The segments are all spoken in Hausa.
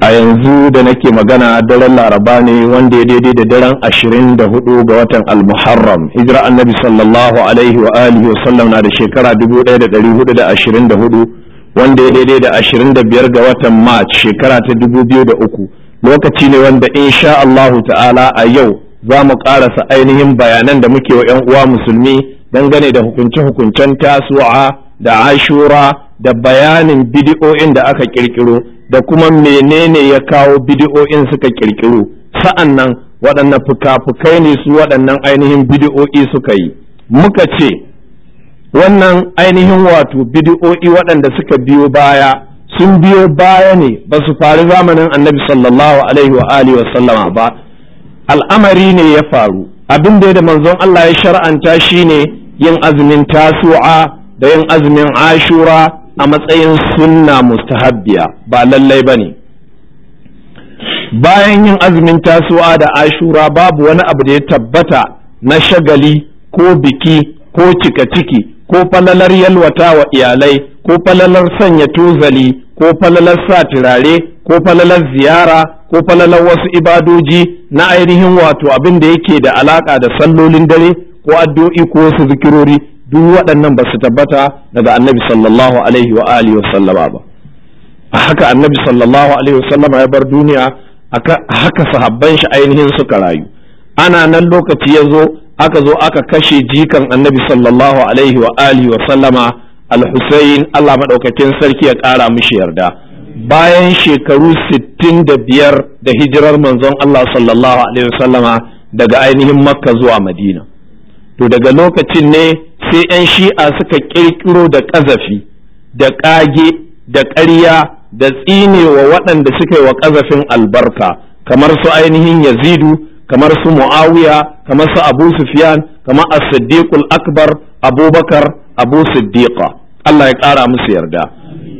a yanzu da nake magana daren laraba ne wanda ya daidai da daren ashirin da hudu ga watan almuharram hijira annabi sallallahu alaihi wa alihi wa sallam na da shekara dubu daya da dari hudu da ashirin da hudu wanda ya daidai da ashirin da biyar ga watan march shekara ta dubu biyu da uku lokaci ne wanda insha allahu ta'ala a yau za mu karasa ainihin bayanan da muke wa 'yan uwa musulmi dangane da hukunce-hukuncen tasuwa da ashura da bayanin bidi'o'in da aka kirkiro da kuma menene ya kawo bidiyoyin suka kirkiro sa'annan nan fuka-fukai ne su waɗannan ainihin bidiyoyi suka yi muka ce wannan ainihin wato bidi'o'i waɗanda suka biyo baya sun biyo baya ne ba su faru zamanin annabi sallallahu alaihi wa alihi wa sallama ba al'amari ne ya faru abin da da manzon Allah ya shar'anta shine yin azumin tasu'a da yin azumin ashura a matsayin sunna mustahabbiya ba lallai ba ne bayan yin azumin tasuwa da ashura babu wani abu da ya tabbata na shagali ko biki ko cika ciki ko falalar yalwata wa iyalai ko falalar sanya tozali ko falalar sa turare ko falalar ziyara ko falalar wasu ibadoji na ainihin wato abin da yake da alaka da sallolin dare ko addu'i ko wasu zikirori duk waɗannan ba su tabbata daga annabi sallallahu alaihi wa alihi wa sallama ba a haka annabi sallallahu alaihi wa sallama ya bar duniya a haka sahabban shi ainihin suka rayu ana nan lokaci ya zo aka zo aka kashe jikan annabi sallallahu alaihi wa alihi wa sallama al-husayn Allah madaukakin sarki ya ƙara mishi yarda bayan shekaru 65 da hijirar manzon Allah sallallahu Alaihi wa sallama daga ainihin makka zuwa madina to daga lokacin ne sai 'yan shi'a suka ƙirƙiro da ƙazafi da ƙage da ƙarya da tsinewa waɗanda suka yi wa ƙazafin albarka kamar su ainihin yazidu kamar su mu'awiya kamar su abu sufyan kamar a siddiqul akbar abubakar abu siddiqa Allah ya ƙara musu yarda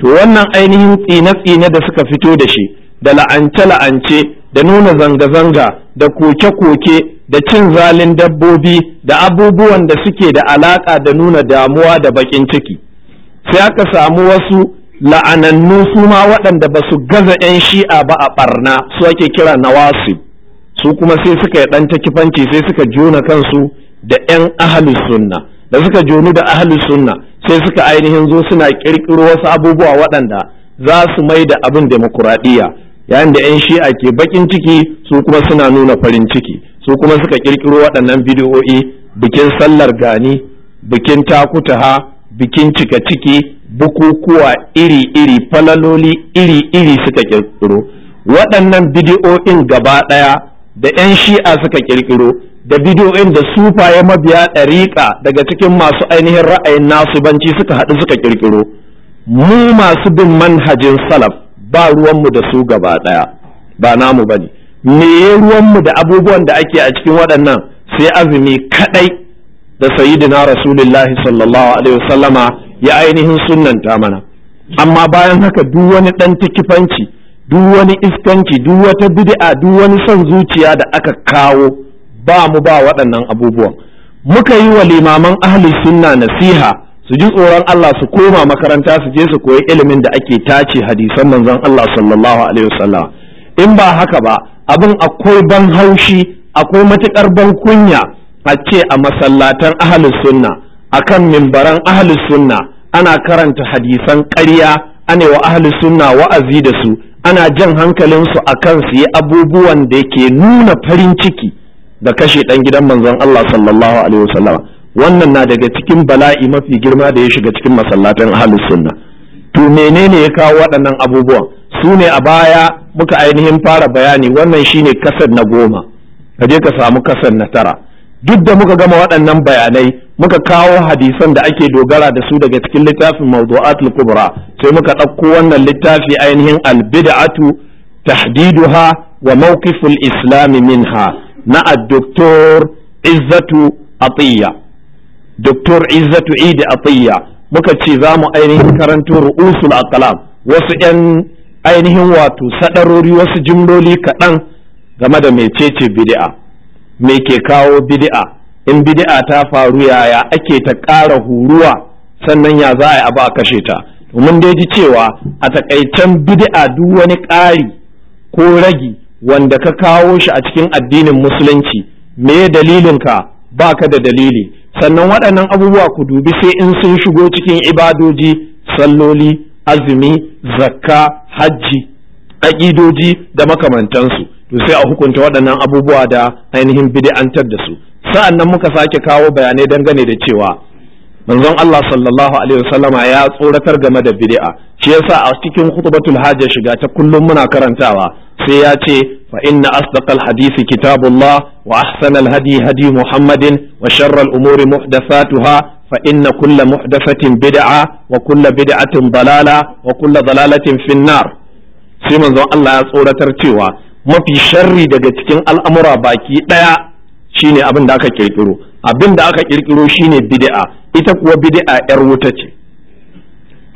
to wannan ainihin tsine-tsine da suka fito da shi da la'ance-la'ance da nuna zanga-zanga da koke-koke da cin zalin dabbobi da abubuwan da suke da alaƙa da nuna damuwa da bakin ciki sai aka samu wasu la'anannu su ma waɗanda ba su gaza 'yan shi'a ba a ɓarna su ake kira wasu su kuma sai suka yi ɗan takifanci sai suka jona kansu da 'yan ahalus sunna da suka jonu da ahalus sunna sai suka ainihin zo suna ƙirƙiro wasu abubuwa waɗanda za su mai da abin demokuraɗiyya yayin da 'yan shi'a ke baƙin ciki su kuma suna nuna farin ciki su kuma suka kirkiro waɗannan bidiyo'i bikin sallar gani bikin takutaha bikin cika ciki bukukuwa iri-iri falaloli iri-iri suka kirkiro waɗannan bidiyo'in gaba ɗaya da 'yan shi'a suka kirkiro da bidiyo'in da sufaye mabiya ɗariƙa daga cikin masu ainihin ra'ayin nasu banci suka haɗu suka kirkiro mu masu bin manhajin salaf ba ruwanmu da su gaba ɗaya ba namu bane me ya ruwanmu da abubuwan da ake a cikin waɗannan sai azumi kaɗai da sayyidina rasulullahi sallallahu alaihi wasallama ya ainihin sunnanta mana amma bayan haka duk wani ɗan tikifanci duk wani iskanci duk wata bid'a duk wani son zuciya da aka kawo ba mu ba waɗannan abubuwan muka yi wa limaman ahli sunna nasiha su ji tsoron Allah su koma makaranta su je su koyi ilimin da ake tace hadisan manzon Allah sallallahu alaihi wasallam in ba haka ba abin akwai ban haushi akwai matukar ban kunya a ce a masallatan ahalus sunna akan mimbaran ahalus sunna ana karanta hadisan ƙarya ana wa ahalus sunna wa'azi da su ana jan hankalinsu akan su yi abubuwan da ke nuna farin ciki da kashe ɗan gidan manzon Allah sallallahu alaihi wasallam wannan na daga cikin bala'i mafi girma da ya shiga cikin masallatan ahalus sunna to menene ya kawo waɗannan abubuwan su ne a baya muka ainihin fara bayani wannan shine kasar na goma ka je ka samu kasar na tara duk da muka gama waɗannan bayanai muka kawo hadisan da ake dogara da su daga cikin littafin mawdu'atul kubra sai muka ɗauko wannan littafi ainihin albid'atu tahdiduha wa mawqiful islami minha na doktor izzatu atiya doktor izzatu idi atiya muka ce za mu ainihin karanto ru'usul aqlam wasu 'yan ainihin wato sadarori wasu jimloli kaɗan game da mecece bidi'a me ke kawo bidi'a? in bidi'a ta faru yaya ake ta ƙara huruwa sannan ya za a yi abu a kashe ta domin dai ji cewa a takaicen bidi'a duk wani ƙari ko ragi wanda ka kawo shi a cikin addinin musulunci me dalilinka ba ka da dalili sannan waɗannan abubuwa ku dubi sai in sun shigo cikin ibadoji salloli azumi zakka hajji aƙidoji da makamantansu to sai a hukunta waɗannan abubuwa da ainihin bid'antar da su sa'an nan muka sake kawo bayanai dangane da cewa manzon Allah sallallahu alaihi wasallama ya tsoratar game da bid'a shi yasa a cikin khutbatul hajja shiga ta kullum muna karantawa sai ya ce fa inna asdaqal hadisi kitabullah wa ahsanal hadi hadi muhammadin wa sharral umuri muhdathatuha فإن كل محدثة بدعة وكل بدعة ضلالة وكل ضلالة في النار sai manzon Allah ya tsoratar cewa mafi sharri daga cikin al'amura baki ɗaya shine abin da aka ƙirƙiro, abin da aka kirkiro shine bid'a ita kuwa bidi'a yar wuta ce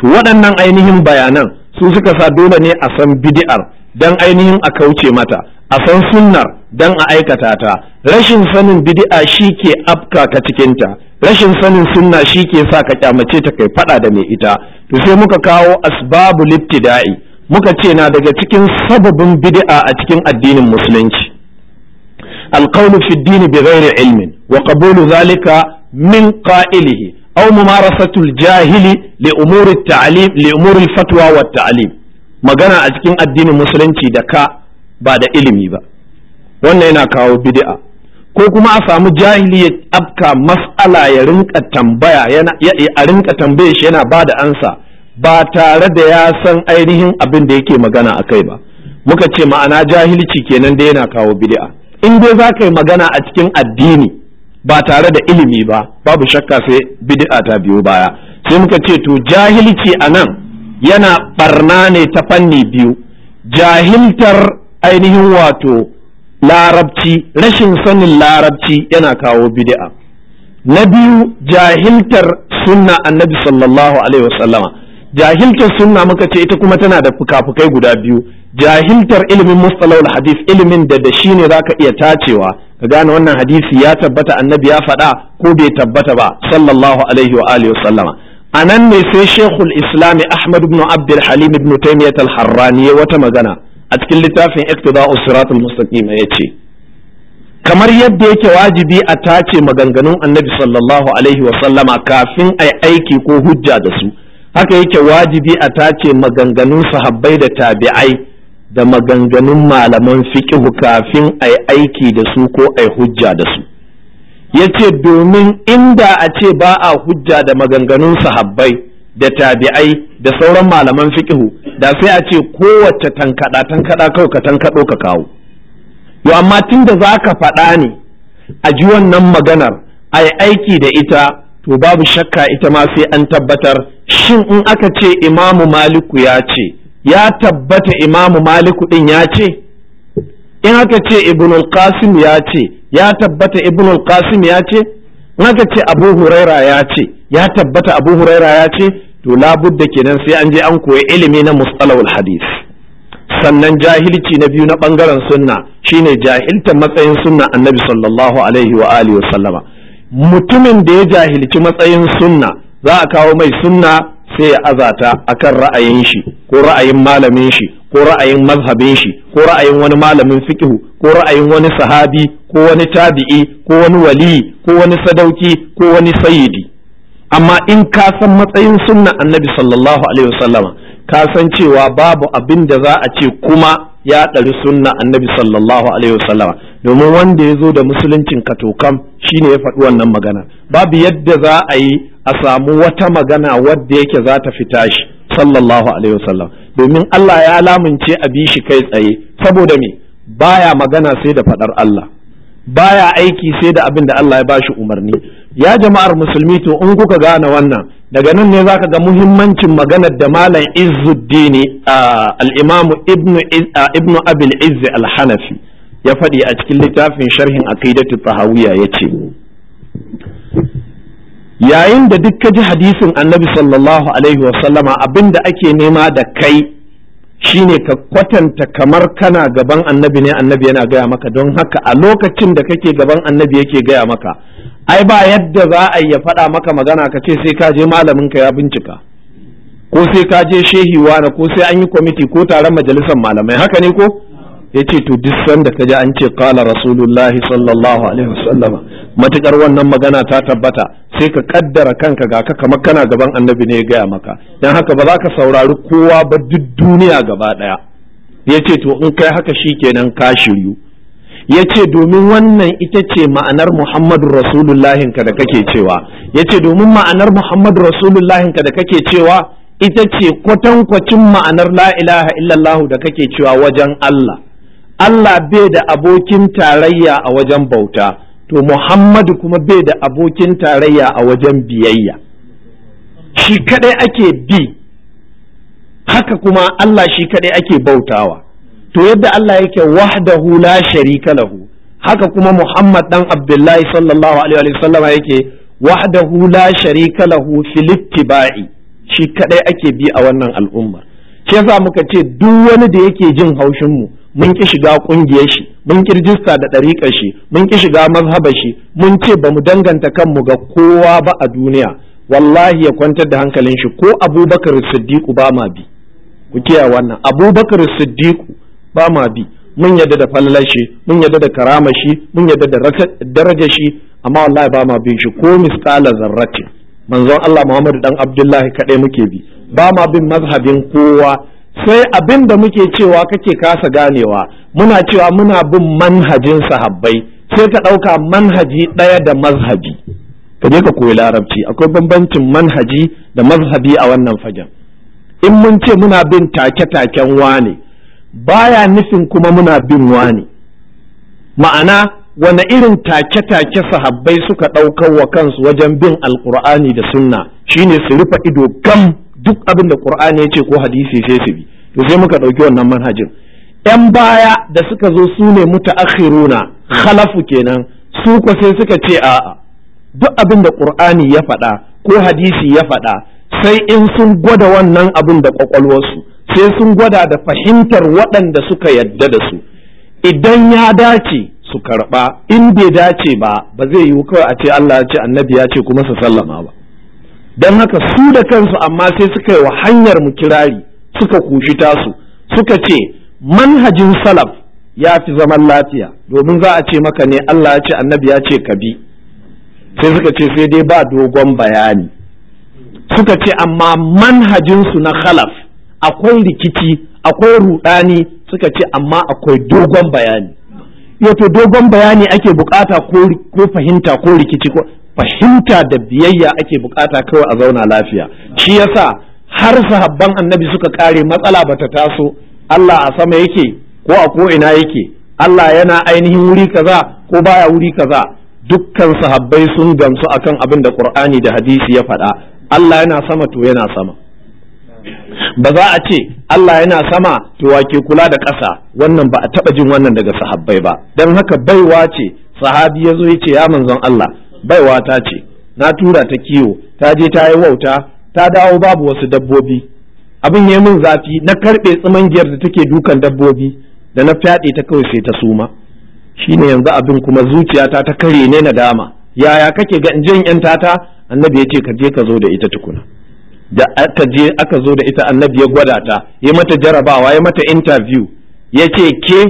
to waɗannan ainihin bayanan su suka sa dole ne a san bidi'ar. dan ainihin a kauce mata a san sunnar dan a aikata ta rashin sanin bid'a shi ke afka ka cikinta rashin sanin sunna shi ke sa ka kyamace ta kai fada da mai ita to sai muka kawo asbabul ibtida'i muka ce na daga cikin sababin bid'a a cikin addinin musulunci alqawlu fi ad-din bighairi ilmin wa qabulu zalika min qa'ilihi aw mumarasatul jahili li umuri at-ta'lim li umuri fatwa wat talim magana a cikin addinin musulunci da ka ba da ilimi ba wannan yana kawo bid'a ko kuma a samu jahili ya abka mas'ala ya rinka tambaya a rinka tambaye shi yana ba da ansa ba tare da ya san ainihin abin da yake magana a kai ba muka ce ma'ana jahilci kenan da yana kawo bid'a in dai za ka yi magana a cikin addini ba tare da ilimi ba babu shakka sai bid'a ta biyo baya sai muka ce to jahilci a nan yana barna ne ta fanni biyu jahiltar ainihin wato larabci rashin sanin larabci yana kawo bid'a na biyu jahiltar sunna annabi sallallahu alaihi wasallama jahiltar sunna muka ce ita kuma tana da fuka-fukai guda biyu jahiltar ilimin mustalawul hadith ilimin da da shi ne zaka iya tacewa ka gane wannan hadisi ya tabbata annabi ya faɗa ko bai tabbata ba sallallahu alaihi wa alihi wasallama a nan ne sai shekul islami ahmad ibn abdul halim ibn taymiyyat al-harrani ya wata magana a cikin littafin iqtida'us siratul mustaqim ya ce kamar yadda yake wajibi a tace maganganun annabi sallallahu alaihi wa sallama kafin ai aiki ko hujja da su haka yake wajibi a tace maganganun sahabbai da tabi'ai da maganganun malaman fiqh kafin ai aiki da su ko ai hujja da su ya ce domin inda a ce ba a hujja da maganganun sahabbai da tabi'ai da sauran malaman fiƙihu da sai a ce kowace tankada, tankada kawai ka tankado ka kawo to amma tun da za ka faɗa ne a ji wannan maganar a yi aiki da ita to babu shakka ita ma sai an tabbatar shin in aka ce imamu maliku ya ce ya tabbata imamu maliku ɗin ya ce in aka ce ibnul qasim ya ce ya tabbata ibnul qasim ya ce in aka ce abu huraira ya ce ya tabbata abu huraira ya ce to labudda kenan sai an je an koyi ilimi na mustalahul hadis sannan jahilci na biyu na bangaren sunna shine jahilta matsayin sunna annabi sallallahu alaihi wa alihi mutumin da ya jahilci matsayin sunna za a kawo mai sunna sai ya azata a kan ra'ayin shi ko ra'ayin malamin shi ko ra'ayin mazhabin shi ko ra'ayin wani malamin fiqhu ko ra'ayin wani sahabi ko wani tabi'i ko wani wali ko wani sadauki ko wani sayyidi amma in ka san matsayin sunna annabi sallallahu alaihi wasallama ka san cewa babu abin da za a ce kuma ya ɗari sunna annabi sallallahu alaihi wasallama domin wanda ya zo da musuluncin katokam shine ya faɗi wannan magana babu yadda za a yi a samu wata magana wadda yake za ta fita shi sallallahu alaihi wasallam domin Allah ya lamunce a bi shi kai tsaye saboda me baya magana sai da fadar Allah baya aiki sai da abin da Allah ya bashi umarni ya jama'ar musulmi to in kuka gane wannan daga nan ne zaka ga muhimmancin maganar da malam Izzuddin al-Imam Ibn Ibn Abil Izz al-Hanafi ya faɗi a cikin littafin sharhin aqidatu tahawiyya yace yayin da duk ka ji hadisin annabi sallallahu alaihi wasallama abin da ake nema da kai shine ka kwatanta kamar kana gaban annabi ne annabi yana gaya maka don haka a lokacin da kake gaban annabi yake gaya maka ai ba yadda za a ya faɗa maka magana ka ce sai ka je malamin ka ya bincika ko sai ka je shehi na, ko sai an yi kwamiti ko taron majalisar malamai haka ne ko yace to duk sanda ka ji an ce qala rasulullahi sallallahu alaihi wasallama matukar wannan magana ta tabbata sai ka kaddara kanka ga ka kamar kana gaban annabi ne ya gaya maka dan haka ba za ka saurari kowa ba duk duniya gaba daya yace to in kai haka shikenan ka shiryu yace domin wannan ita ce ma'anar Muhammadu rasulullahi ka da kake cewa yace domin ma'anar Muhammadu rasulullahi ka da kake cewa ita ce kwatankwacin ma'anar la ilaha illallah da kake cewa wajen Allah Allah bai da abokin tarayya a wajen bauta to Muhammadu kuma bai da abokin tarayya a wajen biyayya shi kaɗai ake bi haka kuma Allah shi kaɗai ake bautawa to yadda Allah yake wahdahu la sharika lahu haka kuma Muhammad ɗan Abdullahi sallallahu alaihi sallama yake wahdahu la sharika lahu fil shi kaɗai ake bi a wannan al'umma shi yasa muka ce duk wani da yake jin haushin mu mun ki shiga ƙungiyar shi mun ki rijista da ɗariƙar shi mun ki shiga mazhabar shi mun ce ba mu danganta kanmu ga kowa ba a duniya wallahi ya kwantar da hankalin shi ko abubakar siddiqu ba ma bi ku kiyaye wannan abubakar siddiqu ba ma bi mun yadda da fallar shi mun yadda da karama shi mun yadda da daraja shi amma wallahi ba ma bin shi ko misala zarrati manzon Allah Muhammadu dan Abdullahi kadai muke bi ba ma bin mazhabin kowa sai abin da muke cewa kake kasa ganewa muna cewa muna bin manhajin sahabbai sai ka ɗauka manhaji ɗaya da mazhabi ka je ka koyi larabci akwai bambancin manhaji da mazhabi a wannan fagen in mun ce muna bin take-taken wane baya nufin kuma muna bin wane ma'ana wane irin take-take sahabbai suka ɗaukar wa kansu wajen bin alkur'ani da sunna shine su rufe ido gam duk abin da qur'ani ya ce ko hadisi sai su bi to sai muka ɗauki wannan manhajin yan baya da suka zo su ne mutaakhiruna khalafu kenan su ko sai suka ce a'a duk abin da qur'ani ya faɗa ko hadisi ya faɗa sai in sun gwada wannan abin da kwakwalwarsu sai sun gwada da fahimtar waɗanda suka yadda da su idan ya dace su karɓa in bai dace ba ba zai yiwu kawai a ce Allah ya ce annabi ya ce kuma su sallama ba don haka su da kansu amma sai suka yi wa hanyar mu kirari suka kushi tasu suka ce manhajin salaf ya fi zaman lafiya domin za a ce maka ne Allah ya ce annabi ya ce kabi. sai suka ce sai dai ba dogon bayani suka ce amma manhajinsu na khalaf akwai rikici akwai rudani suka ce amma akwai dogon bayani wato dogon bayani ake bukata ko fahimta ko rikici ko fahimta da biyayya ake bukata kawai a zauna lafiya shi yasa har sahabban annabi suka kare matsala bata taso Allah a sama yake ko a ko ina yake Allah yana ainihin wuri kaza ko baya wuri kaza dukkan sahabbai sun gamsu akan abin da Qur'ani da hadisi ya faɗa Allah yana sama to yana sama ba za a ce Allah yana sama to wake kula da ƙasa wannan ba a taɓa jin wannan daga sahabbai ba don haka baiwa ce sahabi ya zo ya ce ya manzon Allah baiwa ta ce na tura ta kiwo ta je ta yi wauta ta dawo babu wasu dabbobi abin ya min zafi na karɓe giyar da take dukan dabbobi da na fyaɗe ta kawai sai ta suma shine yanzu abin kuma zuciyata ta kare ne na dama yaya kake ga in yan tata annabi ya ce ka je ka zo da ita tukuna da aka je aka zo da ita annabi ya gwada ta ya mata jarabawa ya mata interview ya ce ke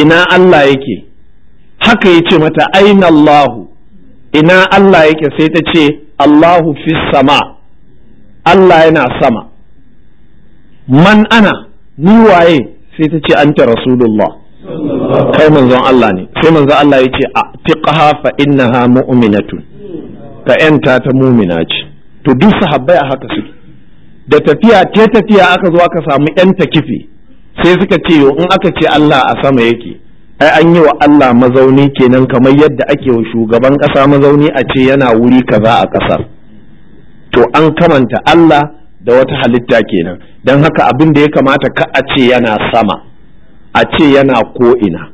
ina Allah yake haka ya ce mata aina Allahu ina Allah yake sai ta ce Allahu fi sama Allah yana sama man ana ni waye sai ta ce anta rasulullah kai manzon Allah ne sai manzon Allah ya ce a tiqaha fa innaha mu'minatun ka yanta ta mumina ce to duk sahabbai a haka suke da tafiya ta tafiya aka zo aka samu yan takifi sai suka ce yo in aka ce Allah a sama yake ai an yi wa Allah mazauni kenan kamar yadda ake wa shugaban ƙasa mazauni a ce yana wuri kaza a ƙasar to an kamanta Allah da wata halitta kenan don haka abin da ya kamata ka a ce yana sama a ce yana ko'ina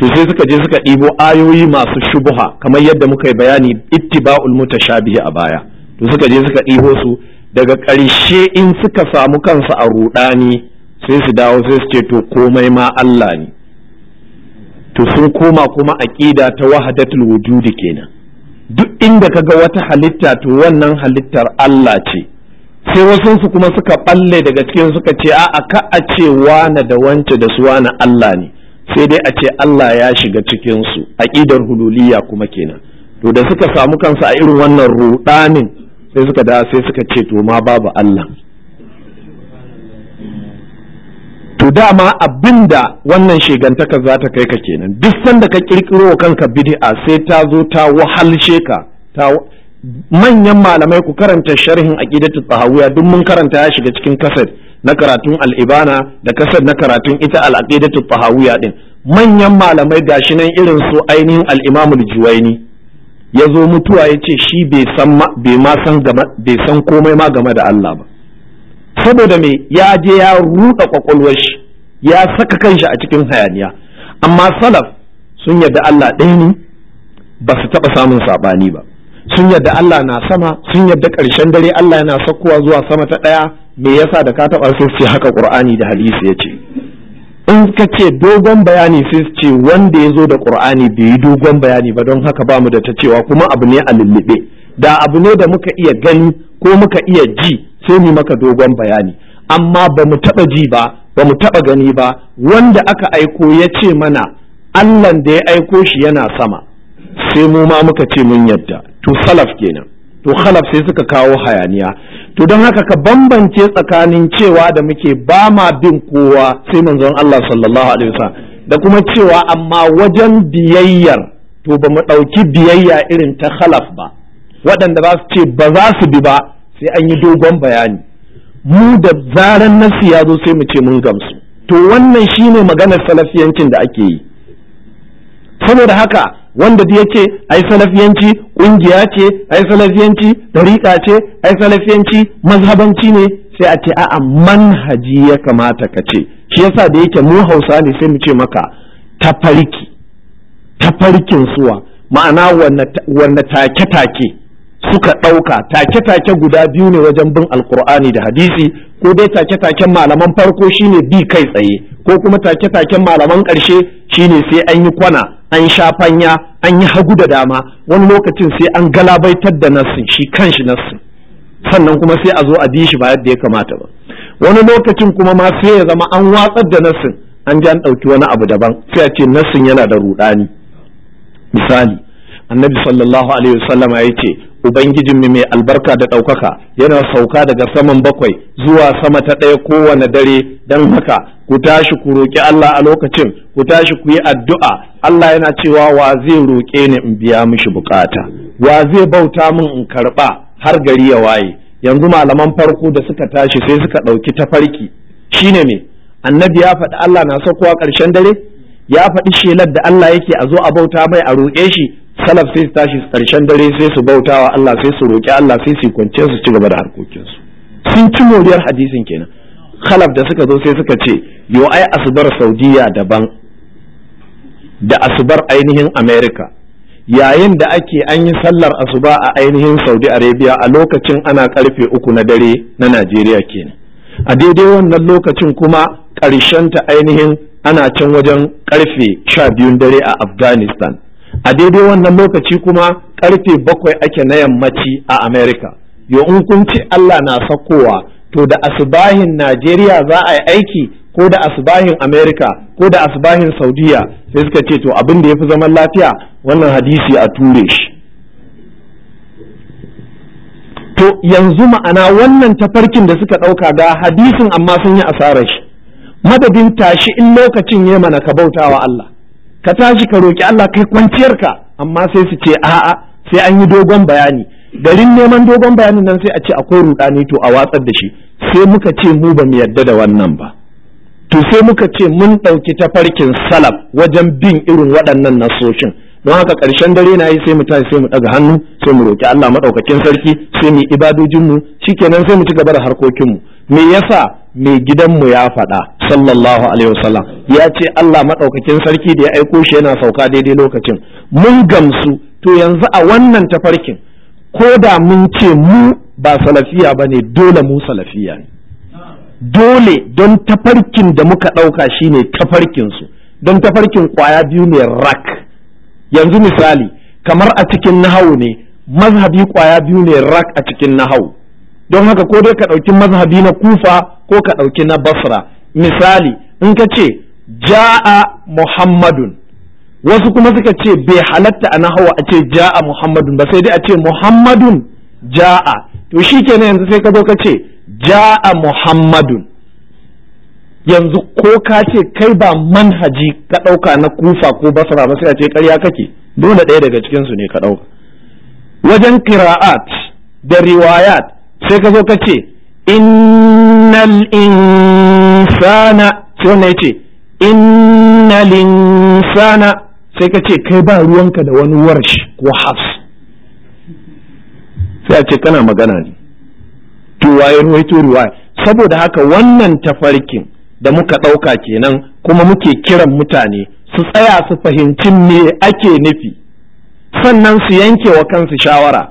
to sai suka je suka ɗibo ayoyi masu shubuha kamar yadda muka yi bayani ittiba'ul mutashabihi a baya to suka je suka ɗiho su daga ƙarshe in suka samu kansu a ruɗani sai su dawo sai su ce to komai ma Allah ne to sun koma kuma aƙida ta wahadatul wujudi kenan duk inda kaga wata halitta to wannan halittar Allah ce sai su kuma suka balle daga cikin suka ce a'a ka a ce wani da wance da su wani Allah ne sai dai a ce Allah ya shiga cikin su aqidar hululiyya kuma kenan to da suka samu kansu a irin wannan ruɗanin. sai suka da sai suka ce to ma babu Allah to dama abinda wannan shigantaka za ta kai ka kenan duk sanda ka kirkiro wa kanka bid'a sai ta zo ta wahalshe ka ta manyan malamai ku karanta sharhin aqidatu tsahawiya duk mun karanta ya shiga cikin kaset na karatun al-ibana da kaset na karatun ita al-aqidatu tsahawiya din manyan malamai gashi nan irin su ainihin al-imamul juwaini ya zo mutuwa ya ce shi bai san komai ma game da Allah ba saboda me ya je ya ruɗa kwakwalwar shi ya saka kanshi a cikin hayaniya amma salaf sun yarda Allah ɗaya ne ba su taɓa samun saɓani ba sun yarda Allah na sama sun yarda ƙarshen dare Allah yana sakkowa zuwa sama ta ɗaya me yasa da ka taɓa sai haka Qur'ani da hadisi ya ce in ka ce dogon bayani sai ce wanda ya zo da qur'ani bai yi dogon bayani ba don haka ba mu da ta cewa kuma abu ne a lullube da abu ne da muka iya gani ko muka iya ji sai mu maka dogon bayani amma ba mu taba ji ba ba mu taɓa gani ba wanda aka aiko ya ce mana Allahn da ya aiko shi yana sama sai mu ma muka ce mun yadda to salaf kenan to khalaf sai suka kawo hayaniya to don haka ka bambance tsakanin cewa da muke ba ma bin kowa sai manzon Allah sallallahu alaihi wasallam da kuma cewa amma wajen biyayyar to ba mu ɗauki biyayya irin ta khalaf ba waɗanda za su ce ba za su bi ba sai an yi dogon bayani mu da zaran nasi ya zo sai mu ce mun gamsu to wannan shine maganar salafiyancin da ake yi saboda haka wanda da yake ai salafiyanci kungiya ce ai salafiyanci dariƙa ce ai salafiyanci mazhabanci ne sai a ce a'a manhaji ya kamata ka ce shi yasa da yake mu Hausa ne sai mu ce maka tafarki tafarkin suwa ma'ana wanne take-take suka ɗauka take-take guda biyu ne wajen bin alkur'ani da hadisi ko dai take-taken malaman farko shine bi kai tsaye ko kuma take-taken malaman ƙarshe shine sai an yi kwana an sha fanya an yi hagu da dama wani lokacin sai an galabaitar da nassin shi kanshi nassin sannan kuma sai a zo a bi shi ba yadda ya kamata ba wani lokacin kuma ma sai ya zama an watsar da nassin an ji an ɗauki wani abu daban sai a ce nassin yana da rudani misali annabi sallallahu alaihi wasallama ya ce ubangijinmu mai albarka da ɗaukaka yana sauka daga saman bakwai zuwa sama ta ɗaya kowane dare don haka ku tashi ku roƙi Allah a lokacin ku tashi ku yi addu'a Allah yana cewa wa zai roƙe ni in biya mishi bukata wa zai bauta min in karɓa har gari ya waye yanzu malaman farko da suka tashi sai suka ɗauki tafarki ne me annabi ya faɗi Allah na saukowa ƙarshen dare ya faɗi shelar da Allah yake a zo a bauta mai a roƙe shi salaf sai su tashi karshen dare sai su bautawa Allah sai su roƙi Allah sai su kwance su ci gaba da harkokinsu sun ci moriyar hadisin kenan khalaf da suka zo sai suka ce yo ai asbar saudiya daban da asbar ainihin america yayin da ake an yi sallar asuba a ainihin saudi arabia a lokacin ana karfe uku na dare na najeriya kenan a daidai wannan lokacin kuma ƙarshen ta ainihin ana can wajen karfe sha biyun dare a afghanistan a daidai wannan lokaci kuma karfe bakwai ake na yammaci a america yo in kun ci allah na sakowa to da asubahin najeriya za a yi aiki ko da asubahin america ko da asubahin saudiya sai suka ce to abin da ya fi zaman lafiya wannan hadisi a ture shi to yanzu ma'ana wannan tafarkin da suka ɗauka ga hadisin amma sun yi asarar shi madadin tashi in lokacin ya mana ka bautawa Allah ka tashi ka roki Allah kai kwanciyarka amma sai su ce a'a sai an yi dogon bayani garin neman dogon bayanin nan sai a ce akwai rudani to a watsar da shi sai muka ce mu ba mu yarda da wannan ba to sai muka ce mun ɗauki tafarkin salaf wajen bin irin waɗannan nasoshin don haka ƙarshen dare na yi sai mu tashi sai mu ɗaga hannu sai mu roki Allah maɗaukakin sarki sai mu ibadojinmu shi shikenan sai mu ci gaba da harkokinmu. mu me yasa mai gidanmu ya faɗa sallallahu alaihi wasallam ya ce Allah maɗaukakin sarki da ya aiko shi yana sauka daidai lokacin mun gamsu to yanzu a wannan tafarkin ko da mun ce mu ba salafiya ba ne dole mu salafiya ne dole don tafarkin da muka ɗauka shine tafarkinsu don tafarkin kwaya biyu ne rak yanzu misali kamar a cikin nahawu ne mazhabi kwaya biyu ne rak a cikin nahawu don haka ko dai ka ɗauki mazhabi na kufa ko ka ɗauki na basra misali in ka ce ja'a muhammadun wasu kuma suka ce bai halatta a nahawa a ce ja'a muhammadun ba sai dai a ce muhammadun ja'a to shi kenan yanzu sai ka zo ka ce ja'a muhammadun yanzu ko ka ce kai ba manhaji ka ɗauka na kufa ko basra ba sai a ce ƙarya kake dole ɗaya daga cikin su ne ka ɗauka wajen kiraat da riwayat sai ka zo ka ce innal insana sai wannan ya ce innal insana sai ka ce kai ba ruwanka da wani warshi ko hafs sai a ce kana magana ne to waye ruwaito riwaya saboda haka wannan tafarkin da muka ɗauka kenan kuma muke kiran mutane su tsaya su fahimci me ake nufi sannan su yanke wa kansu shawara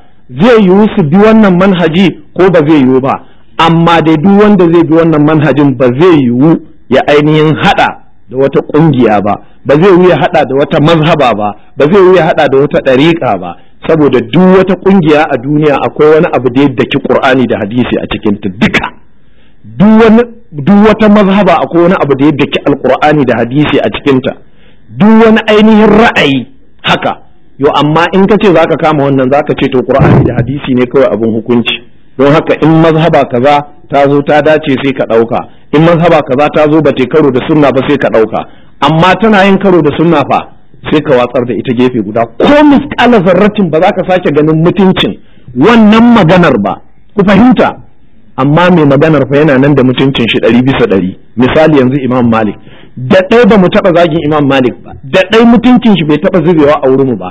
zai yiwu su bi wannan manhaji ko ba zai yiwu ba amma dai duk wanda zai bi wannan manhajin ba zai yiwu ya ainihin haɗa da wata ƙungiya ba ba zai yiwu ya haɗa da wata mazhaba ba ba zai yiwu ya haɗa da wata ɗariƙa ba saboda duk wata ƙungiya a duniya akwai wani abu da yadda ki ƙur'ani da hadisi a cikin ta duka duk wani duk wata mazhaba akwai wani abu da ya daki alkur'ani da hadisi a cikinta duk wani ainihin ra'ayi haka yo amma in ka ce za ka kama wannan za ka ce to qur'ani da hadisi ne kawai abin hukunci don haka in mazhaba kaza ta zo ta dace sai ka ɗauka in mazhaba kaza ta zo ba ta karo da sunna ba sai ka ɗauka amma tana yin karo da sunna fa sai ka watsar da ita gefe guda ko misƙala zarratin ba za ka sake ganin mutuncin wannan maganar ba ku fahimta amma mai maganar fa yana nan da mutuncin shi ɗari bisa ɗari misali yanzu imam malik da ɗai ba mu taɓa zagin imam malik ba da ɗai mutuncin shi bai taɓa zubewa a wurinmu ba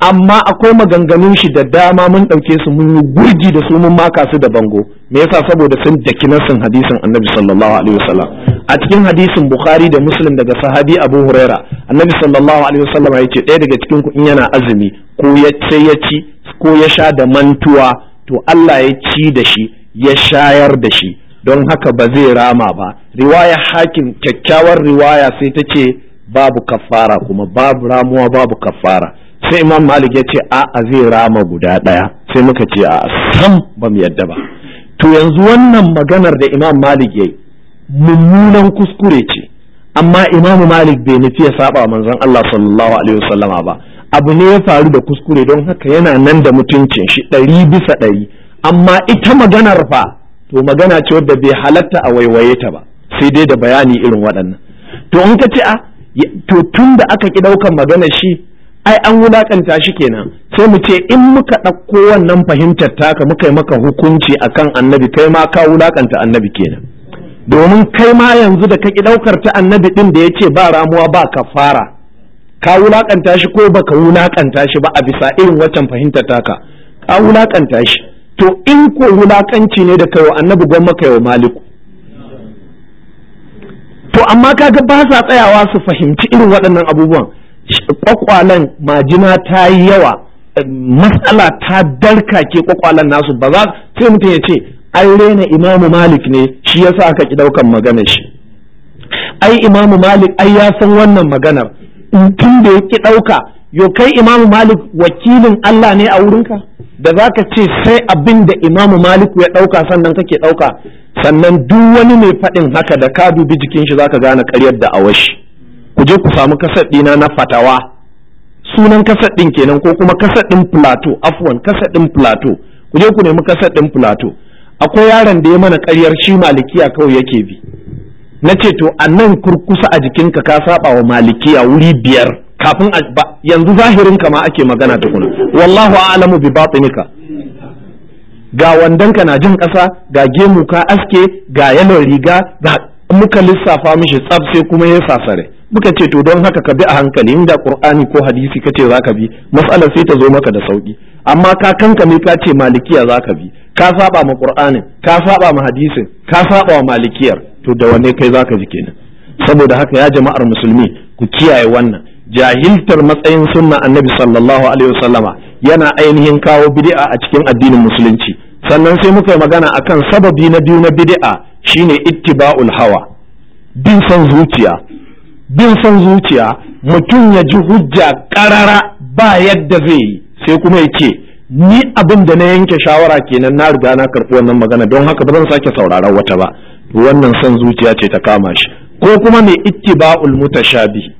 amma akwai maganganun shi da dama mun ɗauke su mun yi gurji da su mun maka su da bango me yasa saboda sun daki nassin hadisin annabi sallallahu alaihi wasallam a cikin hadisin bukhari da muslim daga sahabi abu huraira annabi sallallahu alaihi wasallam ya ce ɗaya daga cikin ku in yana azumi ko ya ce ya ci ko ya sha da mantuwa to Allah ya ci da shi ya shayar da shi don haka ba zai rama ba riwaya hakim kyakkyawar riwaya sai ta ce babu kafara kuma babu ramuwa babu kafara sai imam malik ya ce a'a zai rama guda ɗaya sai muka ce a sam ba mu yadda ba to yanzu wannan maganar da imam malik ya mummunan kuskure ce amma imamu malik bai nufi ya saba manzan Allah sallallahu alaihi wasallama ba abu ne ya faru da kuskure don haka yana nan da mutuncin shi ɗari bisa ɗari amma ita maganar fa to magana ce wadda bai halatta a waiwaye ta ba sai dai da bayani irin waɗannan to in ka ce ah, a to tun da aka ki ɗaukan maganar shi ai an wulakanta shi kenan sai mu ce in muka ɗauko wannan fahimtar taka muka yi maka hukunci akan annabi kai ma ka wulakanta annabi kenan domin kai ma yanzu da ka ki ɗaukar ta annabi ɗin da ya ce ba ramuwa ba ka fara. ka wulakanta shi ko baka wulakanta shi ba a bisa irin waccan fahimtar taka ka wulakanta shi to in ko wulakanci ne da kaiwa annabi gwamma yau maliku to amma kaga ba sa tsayawa su fahimci irin waɗannan abubuwan kwakwalan majina ta yi yawa matsala ta darka ke kwakwalan nasu ba za sai mutum ya ce an rena imamu malik ne shi yasa aka ki ɗaukan magana shi ai imamu malik ai ya san wannan maganar tun da ya ki ɗauka yo kai imamu malik wakilin allah ne a wurinka da za ka ce sai abin da imamu maliku ya ɗauka sannan kake ɗauka sannan duk wani mai faɗin haka da ka dubi jikin shi za ka gane ƙaryar da awashi ku je ku samu kasar ɗina na fatawa sunan kasar ɗin kenan ko kuma kasar ɗin plato afwan kasar ɗin plato ku je ku nemi kasar ɗin plato akwai yaron da ya mana ƙaryar shi malikiya kawai yake bi na ce to a nan kurkusa a jikinka ka saba wa malikiya wuri biyar kafin yanzu zahirin kama ake magana tukuna wallahu a'lamu bi batinika ga ka na jin ƙasa ga gemu ka aske ga yalon riga ga muka lissafa mishi tsaf sai kuma ya sasare muka ce to don haka ka bi a hankali inda qur'ani ko hadisi kace zaka bi mas'alar sai ta zo maka da sauki amma ka kanka ne ka ce malikiya zaka bi ka saba ma qur'anin ka saba ma hadisin ka saba wa malikiyar to da wanne kai zaka ji kenan saboda haka ya jama'ar musulmi ku kiyaye wannan jahiltar matsayin sunna annabi sallallahu alaihi wasallama yana ainihin kawo bid'a a cikin addinin musulunci sannan sai muka yi magana akan sababi na biyu na bid'a shine ittiba'ul hawa bin son zuciya bin son zuciya mutum ya ji hujja karara ba yadda zai yi sai kuma ya ce ni abin da na yanke shawara kenan na riga na karɓi wannan magana don haka ba zan sake sauraron wata ba wannan son zuciya ce ta kama shi ko kuma mai ittiba'ul mutashabi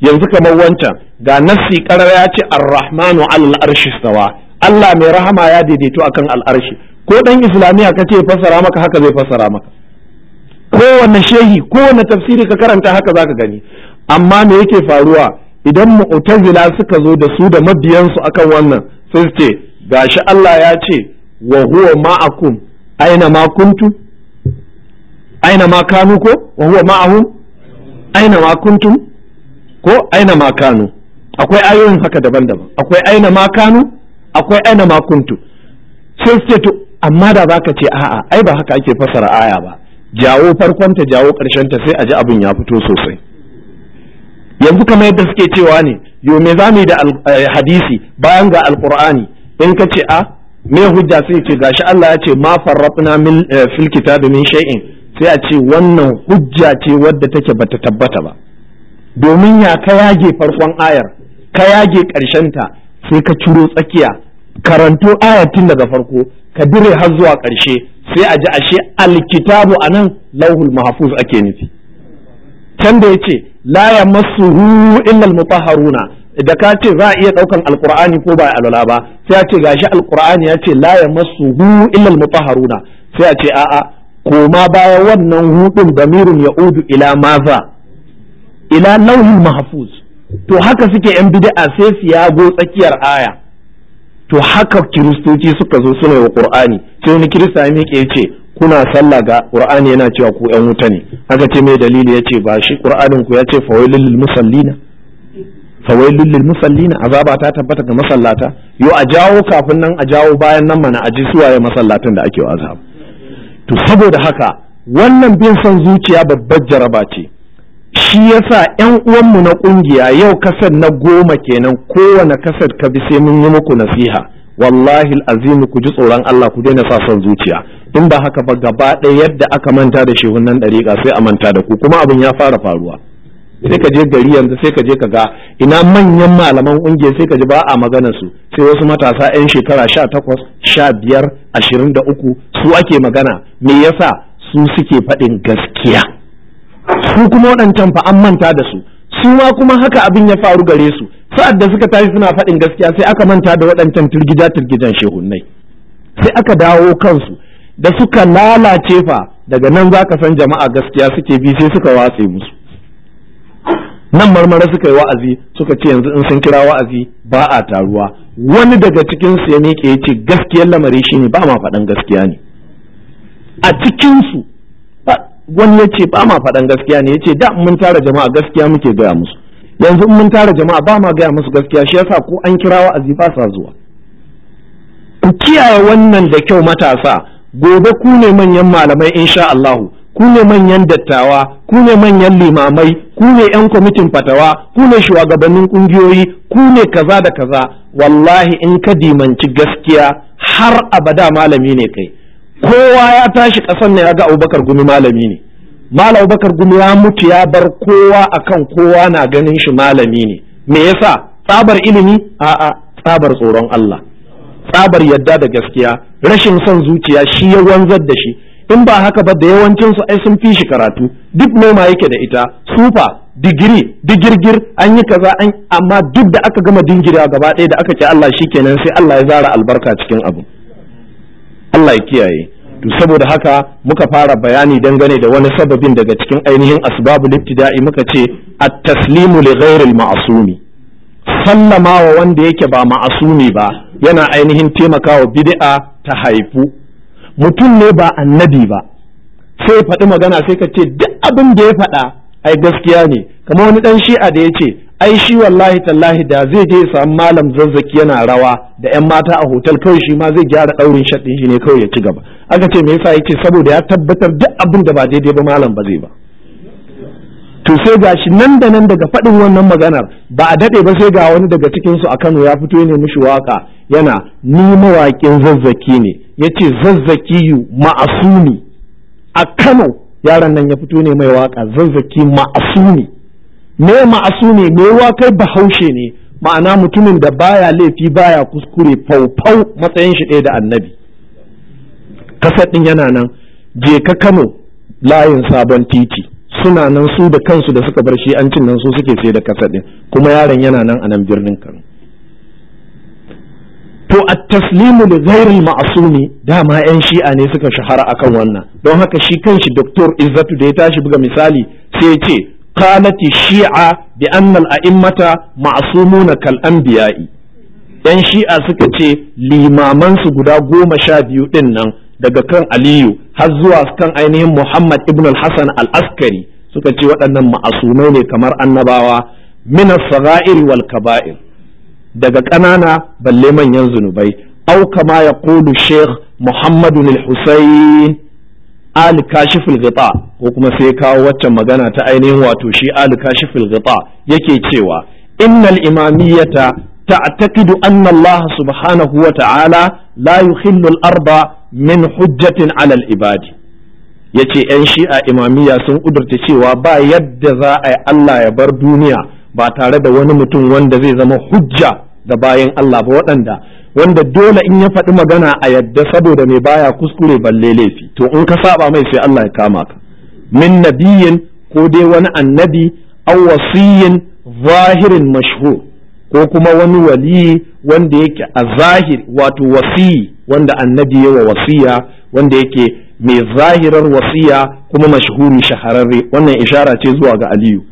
yanzu kamar wancan ga nassi karara ya ce arrahmanu alal arshi stawa Allah mai rahama ya daidaito akan al'arshi ko dan islamiya kace fasara maka haka zai fasara maka kowanne shehi kowanne tafsiri ka karanta haka zaka gani amma me yake faruwa idan mu'tazila suka zo da su da mabiyansu akan wannan sai su ce gashi Allah ya ce wa huwa ma'akum aina ma kuntu aina ma kanu ko wa huwa ma'ahum aina ma kuntum ko aina ma kanu akwai ayoyin haka daban-daban akwai aina ma kanu akwai aina ma kuntu sai ce to amma da zaka ce a'a ai ba haka ake fasara aya ba jawo farkon ta jawo karshen ta sai a ji abin ya fito sosai yanzu kamar yadda suke cewa ne yo me zamu da eh, hadisi bayan ga alqur'ani in ka ce a me hujja sai ce gashi Allah ya ce ma farrafna min eh, fil kitabi min shay'in sai a ce wannan hujja ce wadda take bata tabbata ba domin ya ka yage farkon ayar ka yage ta sai ka ciro tsakiya karanto ayar tun daga farko ka dire har zuwa ƙarshe sai a ji ashe alkitabu a nan lauhul mahafuz ake nufi can da ya ce la ya masuhu illal mutahharuna da ka ce za a iya ɗaukan alkur'ani ko ba alwala ba sai a ce shi alkur'ani ya ce la ya masuhu illal mutahharuna sai a ce a'a koma baya wannan hudun damirun ya'udu ila maza ila lauhin mahfuz to haka suke yan bid'a sai su yago tsakiyar aya to haka kiristoci suka zo suna yi wa qur'ani sai wani kirista ya miƙe yace kuna sallah ga qur'ani yana cewa ku yan wuta ne aka ce mai dalili yace ba shi qur'anin ku yace fawailul lil musallina fawailul lil musallina azaba ta tabbata ga masallata yo a jawo kafin nan a jawo bayan nan mana aji suwaye masallatan da ake azab to saboda haka wannan bin son zuciya babbar jaraba ce shi yasa yan uwanmu na kungiya yau kasar na goma kenan kowane kasar ka bi sai mun yi muku nasiha wallahi azimu ku ji tsoron Allah ku daina sa son zuciya in ba haka ba gaba ɗaya yadda aka manta da shehun nan ɗariƙa sai a manta da ku kuma abin ya fara faruwa sai ka je gari yanzu sai ka je ka ga ina manyan malaman ƙungiyar sai ka ji ba a magana su sai wasu matasa 'yan shekara sha takwas sha biyar ashirin da uku su ake magana me yasa su suke faɗin gaskiya su kuma waɗancan fa an manta da su su ma kuma haka abin ya faru gare su sa'ad da suka tashi suna faɗin gaskiya sai aka manta da waɗancan turgida turgidan shehunnai sai aka dawo kansu da suka lalace fa daga nan za ka san jama'a gaskiya suke bi sai suka watse musu nan marmara suka yi wa'azi suka ce yanzu in sun kira wa'azi ba a taruwa wani daga cikin su ya miƙe ya ce gaskiyar lamari shine ba ma faɗan gaskiya ne a cikin su wani ya ce ba ma faɗan gaskiya ne ya ce da mun tara jama'a gaskiya muke gaya musu yanzu mun tara jama'a ba ma gaya musu gaskiya shi yasa ko an kira wa'azi ba sa zuwa ku kiyaye wannan da kyau matasa gobe ku ne manyan malamai insha Allahu ku ne manyan dattawa ku ne manyan limamai ku ne yan kwamitin fatawa ku ne shugabannin kungiyoyi ku ne kaza da kaza wallahi in ka dimanci gaskiya har abada malami ne kai kowa ya tashi ƙasan ne ya ga abubakar gumi malami ne malam abubakar gumi ya mutu ya bar kowa a kan kowa na ganin shi malami ne me yasa tsabar ilimi a'a tsabar tsoron Allah tsabar yadda da gaskiya rashin son zuciya shi ya wanzar da shi in ba haka ba da yawancin su ai sun fi shi karatu duk noma yake da ita sufa digiri digirgir an yi kaza an amma duk da aka gama dingira gaba ɗaya da aka ce Allah shi shikenan sai Allah ya zara albarka cikin abu Allah ya kiyaye to saboda haka muka fara bayani dangane da wani sababin daga cikin ainihin asbabul ibtida'i muka ce at-taslimu li ghairil ma'sumi sallama wa wanda yake ba ma'asumi ba yana ainihin taimakawa bid'a ta haifu mutum ne ba annabi ba sai faɗi magana sai ka ce duk abin da ya faɗa ai gaskiya ne kamar wani dan shi'a da ya ce ai shi wallahi tallahi da zai je samu malam zazzaki yana rawa da yan mata a hotel kawai shi ma zai gyara daurin shaɗin shi ne kawai ya ci gaba aka ce me yasa yake saboda ya tabbatar duk abin da ba daidai ba malam ba zai ba to sai ga shi nan da nan daga faɗin wannan maganar ba a daɗe ba sai ga wani daga cikin su a Kano ya fito ne mishi waka yana ni mawaƙin zazzaki ne yace yu ma'asuni a Kano yaron nan ya fito ne mai waka zazzaki ma'asuni me ma'asumi me wa kai bahaushe ne ma'ana mutumin da baya laifi baya kuskure faufau matsayin shi ɗaya da annabi kasar ɗin yana nan je ka kano layin sabon titi suna nan su da kansu da suka bar shi an cin nan su suke sai da kasar ɗin kuma yaron yana nan a nan birnin kano to a taslimu da zairin ma'asumi dama yan shi'a ne suka shahara akan wannan don haka shi kanshi doktor izzatu da ya tashi buga misali sai ya ce قالت الشيعة بأن الأئمة معصومون كالأنبياء ‘yan shi'a suka ce limamansu guda goma sha biyu ɗin nan daga kan aliyu har zuwa kan ainihin muhammad ibn al-hassan al-askari suka ce waɗannan ma'asumai ne kamar annabawa minas saga'ir wal kaba'ir daga ƙanana balle manyan zunubai au kama ya kulu sheikh muhammadun al-husayn al kashiful ghita ko kuma sai kawo waccan magana ta ainihin wato shi al kashiful yake cewa innal imamiyyata تعتقد wa ta'ala سبحانه وتعالى لا يخل min hujjatin حجة على العباد yace 'yan shi'a imamiyya sun ƙudurta cewa ba yadda za a yi Allah ya bar duniya ba tare da wani mutum wanda zai zama hujja da bayan Allah ba waɗanda wanda dole in ya faɗi magana a yadda saboda mai baya kuskure balle laifi to in ka saba mai sai Allah ya kama ka min nabiyin ko dai wani annabi aw wasiyin zahirin mashhur ko kuma wani wali wanda yake a zahir wato wasiyi wanda annabi ya wa wasiya wanda yake mai zahirar wasiya kuma mashhuri shahararre wannan ishara ce zuwa ga aliyu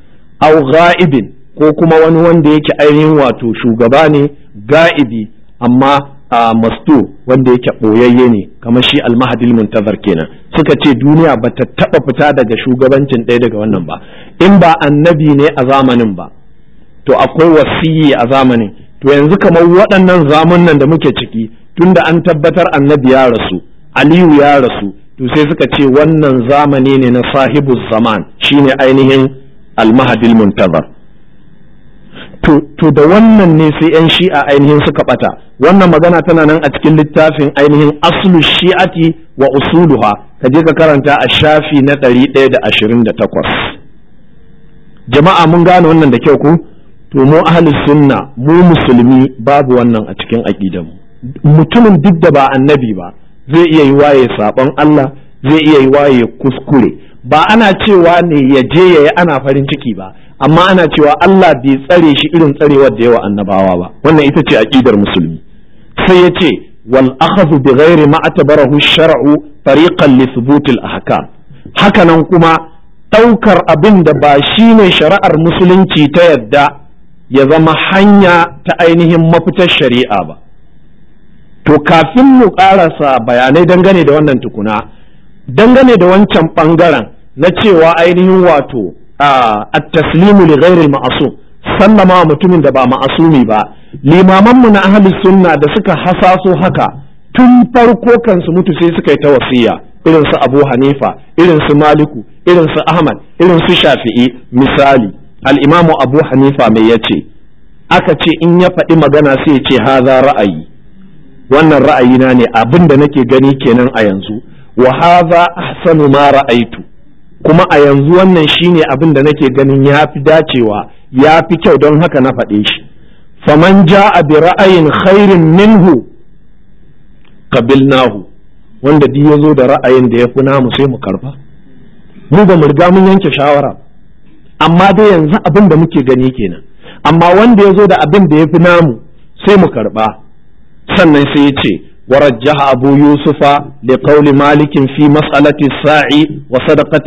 aw ghaibin ko kuma wani wanda yake ainihin wato shugaba ne ga'ibi amma a mastu wanda yake ɓoyayye ne kamar shi almahadil muntazar kenan suka ce duniya ba ta taɓa fita daga shugabancin ɗaya daga wannan ba in ba annabi ne a zamanin ba to akwai wasiyi a zamanin to yanzu kamar waɗannan zamanin da muke ciki tunda an tabbatar annabi ya rasu aliyu ya rasu to sai suka ce wannan zamani ne na sahibu zaman shine ainihin almahadil muntazar to da wannan ne sai 'yan shi'a ainihin suka bata wannan magana tana nan a cikin littafin ainihin aslu shi'ati wa usuluha ka je ka karanta a shafi na 128 jama'a mun gane wannan da kyau ku to mu ahli sunna mu musulmi babu wannan a cikin mu mutumin duk da ba annabi ba zai iya yi waye sabon Allah zai iya yi waye kuskure ba ana cewa ne ya je ya ana farin ciki ba amma ana cewa Allah bai tsare shi irin tsarewar da yawa annabawa ba wannan ita ce aqidar musulmi sai ya ce wal akhadhu bi ghairi ma atabarahu shar'u tariqan li thubutil ahkam hakanan kuma daukar abin da ba shine shari'ar musulunci ta yadda ya zama hanya ta ainihin mafitar shari'a ba to kafin mu karasa bayanai dangane da wannan tukuna dangane da wancan bangaren na cewa ainihin wato Aa, taslimu li ghairi al-ma'sum sallama mutumin da ba ma'asumi ba Limamanmu na ahli sunna da suka hasaso haka tun farko kan su mutu sai suka yi ta wasi'a. irin su Abu Hanifa irin su Maliku irin su Ahmad irin su Shafi'i misali al-Imamu Abu Hanifa mai yace aka ce in ya faɗi magana sai ya ce haza ra'ayi wannan ra'ayina ne abin da nake gani kenan a yanzu wa haza ahsanu ma ra'aitu kuma a yanzu wannan shine abin da nake ganin ya fi dacewa ya fi kyau don haka na faɗe shi faman ja'a bi ra'ayin khairin minhu qabilnahu wanda duk ya zo da ra'ayin da ya fi namu sai mu karba mu ba mu riga mun yanke shawara amma dai yanzu abin da muke gani kenan amma wanda ya zo da abin da ya fi namu sai mu karba sannan sai ya ce ورجح أبو يوسف لقول مالك في مسألة الساعي وصدقة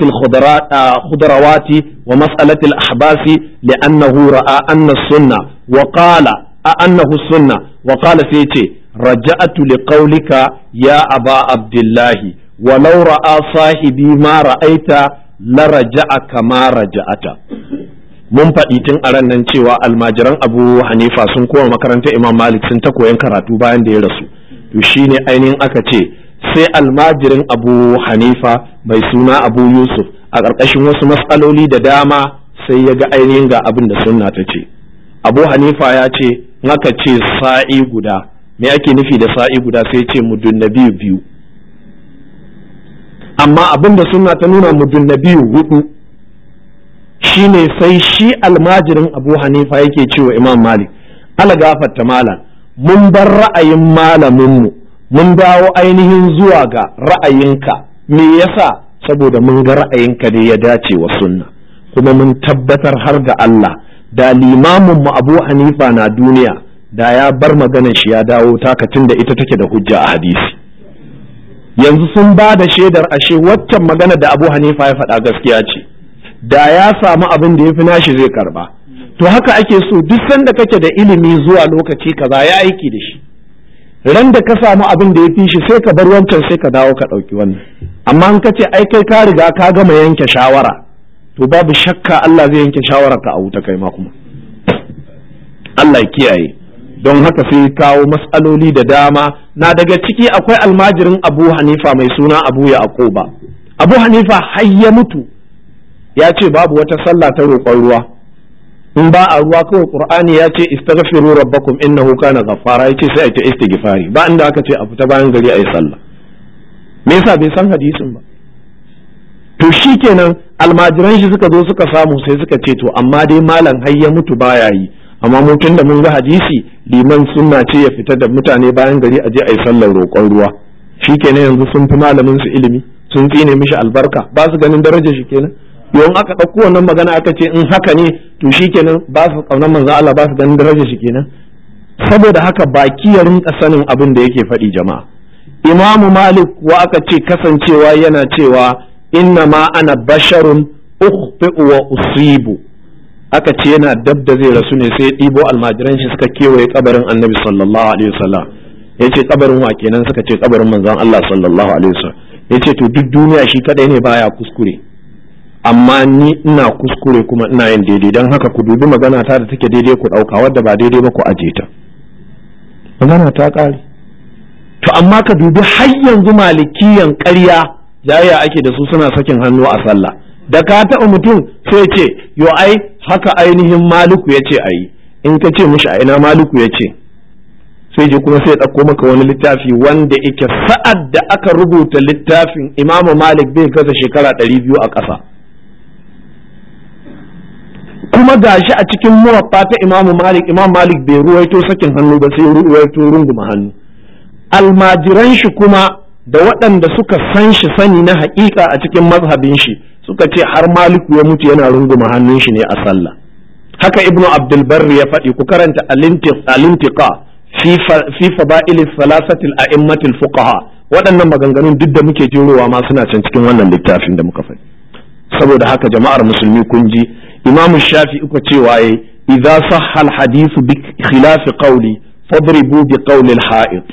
الخضروات ومسألة الأحباس لأنه رأى أن السنة وقال أأنه السنة وقال فيتي رجعت لقولك يا أبا عبد الله ولو رأى صاحبي ما رأيت لرجع كما رجعت mun faɗi tun a ran nan cewa almajiran abu hanifa sun koma makarantar imam malik sun ta koyan karatu bayan da ya rasu to ne ainihin aka ce sai almajirin abu hanifa mai suna abu yusuf a ƙarƙashin wasu matsaloli da dama sai ya ga ainihin ga abin da sunna ta ce abu hanifa ya ce aka ce sa'i guda me ake nufi da sa'i guda sai ce mudun biyu biyu amma abin da sunna ta nuna mudunna biyu hudu shine sai shi almajirin abu hanifa yake cewa imam malik ala gafarta malam mun bar ra'ayin malaminmu mun dawo ainihin zuwa ga ra'ayinka me yasa saboda mun ga ra'ayinka ne ya dace wa sunna kuma mun tabbatar har ga Allah da limamin mu Abu Hanifa na duniya da ya bar maganar shi ya dawo takatin da ita take da hujja a hadisi yanzu sun ba da shaidar ashe waccan magana da Abu Hanifa ya faɗa gaskiya ce da ya samu abin da ya fi nashi zai karba to haka ake so duk sanda kake da ilimi zuwa lokaci kaza ya aiki da shi ran da ka samu abin da ya fi shi sai ka bar wancan sai ka dawo ka ɗauki wannan amma in ka ai kai ka riga ka gama yanke shawara to babu shakka Allah zai yanke shawara ka a wuta kai ma kuma Allah kiyaye don haka sai kawo matsaloli da dama na daga ciki akwai almajirin Abu Hanifa mai suna Abu Yaquba Abu Hanifa har ya mutu ya ce babu wata sallah ta roƙon ruwa in ba a ruwa kawai qur'ani ya ce istaghfiru rabbakum innahu kana ghaffara yace sai a ta istighfari ba inda aka ce a fita bayan gari ayi sallah me yasa bai san hadisin ba to shikenan almajiran shi suka zo suka samu sai suka ce to amma dai malam har ya mutu baya yi amma mu da mun ga hadisi liman sunna ce ya fita da mutane bayan gari a je ayi sallar roƙon ruwa shikenan yanzu sun fi malamin su ilimi sun tsine mishi albarka ba su ganin darajar shi kenan yawan aka ɗauko wannan magana aka ce in haka ne to shi kenan ba su ƙaunar manzan Allah ba su ganin darajar shi kenan saboda haka baki ya rinka sanin abin da yake faɗi jama'a imamu malik wa aka ce kasancewa yana cewa inna ma ana basharun ukhfi'u wa usibu aka ce yana dab da zai rasu ne sai ya ɗibo almajiran shi suka kewaye kabarin annabi sallallahu alaihi wasallam yace kabarin wa kenan suka ce kabarin manzon Allah sallallahu alaihi wasallam yace to duk duniya shi kadai ne baya kuskure amma ni ina kuskure kuma ina yin daidai don haka ku dubi magana ta da take daidai ku ɗauka wadda ba daidai ba ku aje ta magana ta ƙare to amma ka dubi har yanzu malikiyan ƙarya jayayya ake da su suna sakin hannu a sallah da ka taɓa mutum sai ce yo ai haka ainihin maliku ya ce a yi in ka ce mishi a ina maliku ya ce sai je kuma sai ɗauko maka wani littafi wanda yake sa'ad da aka rubuta littafin imamu malik bai kasa shekara ɗari biyu a ƙasa kuma gashi a cikin muwaffa ta Imam Malik Imam Malik bai ruwaito sakin hannu ba sai ruwaito runguma hannu almajiran shi kuma da waɗanda suka san shi sani na haƙiƙa a cikin mazhabin shi suka ce har Maliku ya mutu yana runguma hannun shi ne a sallah haka Ibn Abdul Barri ya faɗi ku karanta al-intiqa fi fada'il salasati al-a'immati al-fuqaha waɗannan maganganun duk da muke jirowa ma suna can cikin wannan littafin da muka faɗi saboda haka jama'ar musulmi kun ji imamu shafi uku cewa waye idza sahha al-hadith bi khilaf qawli fadribu bi qawli al-ha'id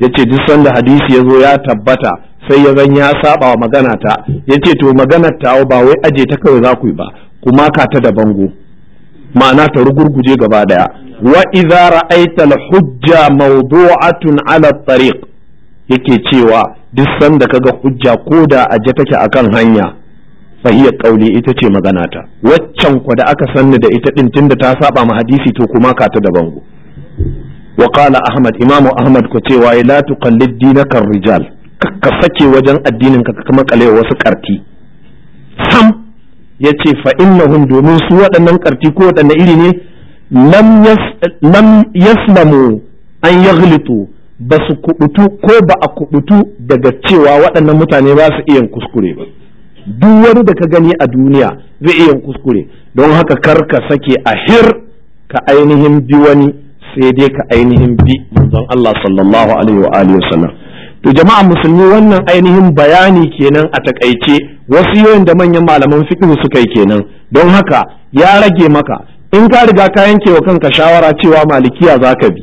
yace duk sanda hadisi yazo ya tabbata sai ya zan ya saba wa magana ta yace to magana ta ba wai aje ta kawai za ku yi ba kuma ka ta da bango ma'ana ta rugurguje gaba daya wa idza ra'aita al-hujja mawdu'atun ala at-tariq yake cewa duk sanda kaga hujja ko da aje take akan hanya fa iya qauli ita ce magana ta waccan ku da aka sanni da ita din tunda ta saba ma hadisi to kuma ka ta da bango wa qala ahmad imamu ahmad ku cewa la tuqallid dinaka rijal ka sake wajen addinin ka kuma kalewa wasu karti sam yace fa innahum domin su waɗannan karti ko waɗanne iri ne lam yaslamu an yaghlitu ba su kubutu ko ba a kubutu daga cewa waɗannan mutane ba su iya kuskure ba duk wani da ka gani a duniya zai iya kuskure don haka kar ka sake a hir ka ainihin bi wani sai dai ka ainihin bi don Allah sallallahu alaihi wa alihi wasallam to jama'a musulmi wannan ainihin bayani kenan a takaice wasu da manyan malaman fiqh suka yi kenan don haka ya rage maka in ka riga ka yanke wa kanka shawara cewa malikiya zaka bi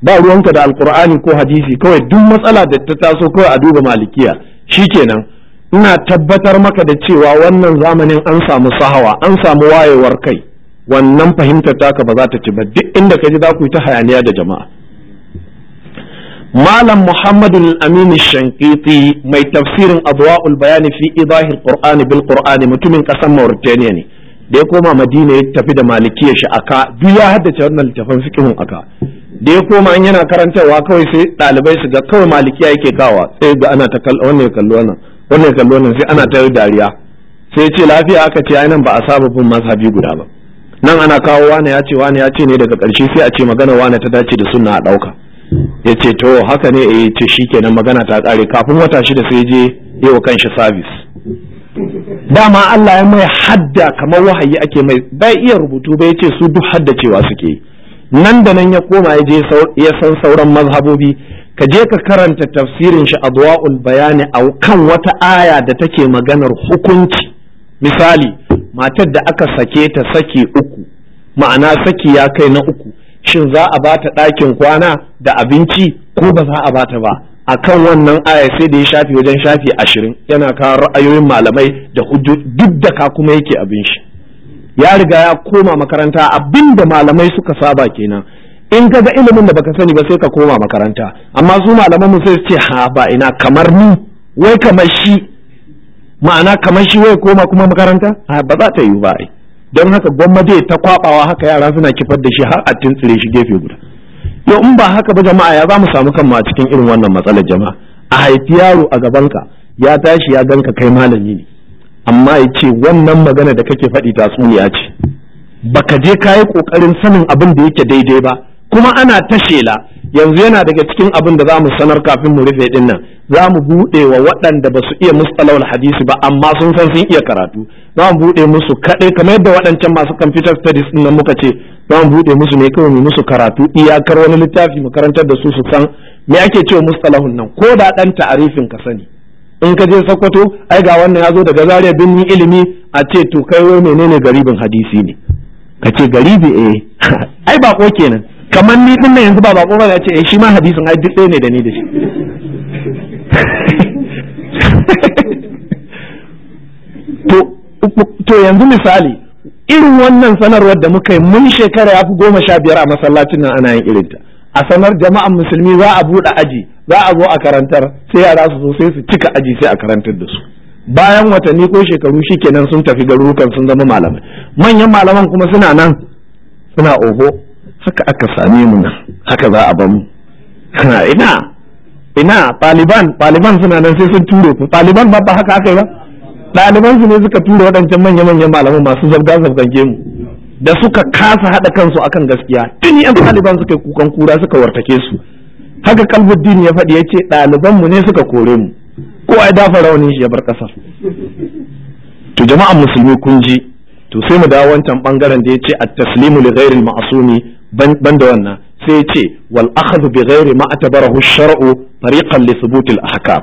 ba ruwanka da alkur'ani ko hadisi kawai duk matsala da ta taso kawai a duba malikiya shikenan ina tabbatar maka da cewa wannan zamanin an samu sahawa an samu wayewar kai wannan fahimtar taka ba za ta ci ba duk inda ka ji za ku yi ta hayaniya da jama'a malam muhammadu aminu shankiti mai tafsirin adwa'ul bayani fi idahil qur'ani bil qur'ani mutumin kasar mauritania ne da ya koma madina ya tafi da malikiyar shi aka duk ya haddace wannan littafin fikihun aka da ya koma an yana karantarwa kawai sai ɗalibai su ga kawai malikiya yake kawa sai ga ana ta wannan ya kallo wannan wannan kallo nan sai ana tayar dariya sai ce lafiya aka ce ainihin ba a saba bin mazhabi guda ba nan ana kawo wane ya ce wane ya ce ne daga ƙarshe sai a ce magana wane ta dace da sunna a ɗauka ya ce to haka ne eh, yi ce shi kenan magana ta ƙare kafin wata shida sai je yi wa kanshi sabis dama Allah ya mai hadda kamar wahayi ake mai bai iya rubutu ba ya ce su duk hadda cewa suke yi nan da nan ya koma ya je ya san sauran mazhabobi ka je ka karanta tafsirin shi adwa'ul bayani a kan wata aya da take maganar hukunci misali matar da aka sake ta saki uku ma'ana saki ya kai na uku shin za a bata ɗakin kwana da abinci ko ba za a bata ba a kan wannan aya sai da ya shafi wajen shafi ashirin yana kawo ra'ayoyin malamai da hujjo duk da ka kuma yake abin shi ya riga ya koma makaranta abin da malamai suka saba kenan in ka ga ilimin da baka sani ba sai ka koma makaranta amma su malaman mu sai ce ha ba ina kamar ni wai kamar shi ma'ana kamar shi wai koma kuma makaranta Ha ba za ta yi ba ai don haka gwamnati ta kwabawa haka yara suna kifar da shi har a tuntsire shi gefe guda yau in ba haka ba jama'a ya za mu samu kanmu a cikin irin wannan matsalar jama'a a haifi yaro a gaban ka ya tashi ya ganka kai malami ne amma ya ce wannan magana da kake faɗi tatsuniya ce baka je ka yi ƙoƙarin sanin abin da yake daidai ba kuma ana ta shela yanzu yana daga cikin abin da za mu sanar kafin mu rufe din nan za mu buɗe wa waɗanda ba su iya mustalawal hadisi ba amma sun san sun iya karatu za mu buɗe musu kaɗai kamar yadda waɗancan masu computer studies din nan muka ce za mu buɗe musu ne kawai mu musu karatu iyakar wani littafi mu karantar da su su san me ake cewa mustalahun nan ko da ɗan ta'arifin ka sani in ka je Sokoto ai ga wannan ya zo daga Zaria birnin ilimi a ce to kai wai menene garibin hadisi ne ka ce garibi eh ai ba ko kenan kamar ni din nan yanzu ba bako ba ce eh shi ma hadisin ai duk ne da ni da shi to to yanzu misali irin wannan sanarwar da muka yi mun shekara yafi fi goma sha biyar a masallacin nan ana yin irinta a sanar jama'an musulmi za a buɗe aji za a zo a karantar sai yara su zo sai su cika aji sai a karantar da su bayan watanni ko shekaru shi kenan sun tafi garurukan sun zama malamai manyan malaman kuma suna nan suna ogo haka aka same mu nan haka za a bamu ina ina ɗaliban taliban suna nan sai sun ture ku ɗaliban ba ba haka aka yi ba taliban su ne suka tura waɗancan manya-manyan malamu masu zabga zabgan gemu da suka kasa haɗa kansu akan gaskiya tuni yan ɗaliban suka kukan kura suka wartake su haka kalbuddin ya faɗi ya ce ɗaliban mu ne suka kore mu ko ai dafa rawanin shi ya bar ƙasar to jama'an musulmi kun ji to sai mu dawo wancan bangaren da ya ce at-taslimu li ghairil ma'sumi ban da wannan sai ce wal akhadhu bi ghairi ma atabarahu shar'u tariqan li thubut al ahkam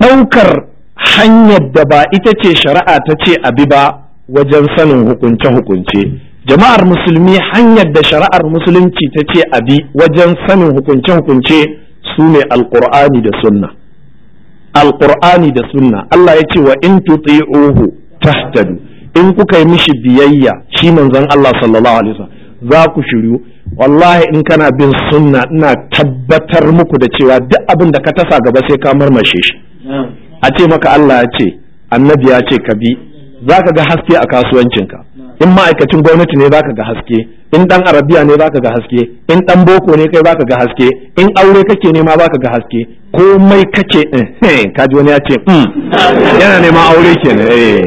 daukar hanyar da ba ita ce shari'a ta ce abi ba wajen sanin hukunce hukunce jama'ar musulmi hanyar da shari'ar musulunci ta ce abi wajen sanin hukunce hukunce su ne alqur'ani da sunna alqur'ani da sunna Allah ya ce wa in tuti'uhu tahtadu in kuka yi mishi biyayya shi manzon Allah sallallahu alaihi wasallam za ku shiryu wallahi in kana bin sunna ina tabbatar muku da cewa duk abin da ka tasa gaba sai ka marmashe shi a ce maka Allah ya ce annabi ya ce ka bi za ka ga haske a kasuwancinka in ma'aikacin gwamnati ne zaka ga haske in dan arabiya ne zaka ga haske in dan boko ne kai zaka ga haske in aure kake nema zaka ga haske komai kake in eh, kaji wani ya ce mm. yana neman aure kenan eh.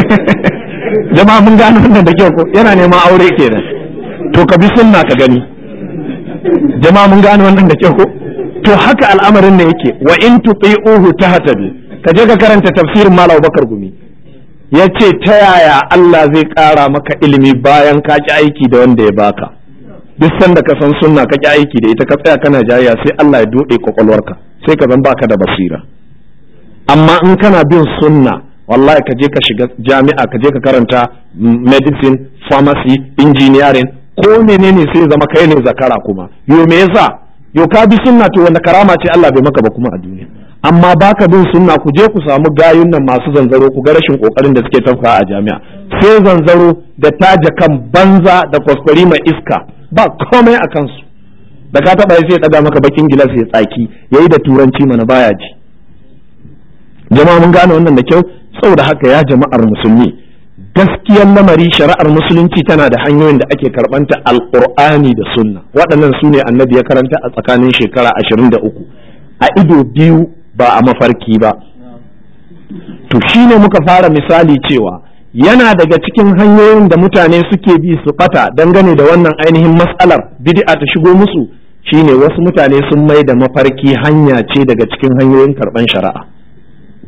jama'a mun gano wannan da kyau ko yana neman aure kenan to ka bi sunna ka gani jama'a mun gane wannan da ke ko to haka al'amarin ne yake wa in tuti'uhu tahtadu ka je ka karanta tafsirin malam Bakar Gumi yace ta yaya Allah zai kara maka ilimi bayan ka ki aiki da wanda ya baka duk sanda ka san sunna ka ki aiki da ita ka tsaya kana jayya sai Allah ya dode kwakwalwarka sai ka zan baka da basira amma in kana bin sunna wallahi ka je ka shiga jami'a ka je ka karanta medicine pharmacy engineering ko menene sai zama kai ne zakara kuma yo me yasa yo ka bi sunna to wanda karama ce Allah bai maka ba kuma a duniya amma baka bin sunna ku je ku samu gayun nan masu zanzaro ku ga rashin kokarin da suke tafka a jami'a sai zanzaro da taja kan banza da kwaskwari mai iska ba komai a kansu da ka taba sai ya daga maka bakin gilas ya tsaki yayi da turanci mana baya ji jama'a mun gane wannan da kyau saboda haka ya jama'ar musulmi gaskiyar lamari shari'ar musulunci tana da hanyoyin da ake karɓanta alƙur'ani da sunna waɗannan su ne annabi ya karanta a tsakanin shekara ashirin da uku a ido biyu ba a mafarki ba to shi ne muka fara misali cewa yana daga cikin hanyoyin da mutane suke bi su ɓata dangane da wannan ainihin matsalar bid'a ta shigo musu shine wasu mutane sun mai da mafarki hanya ce daga cikin hanyoyin karɓan shari'a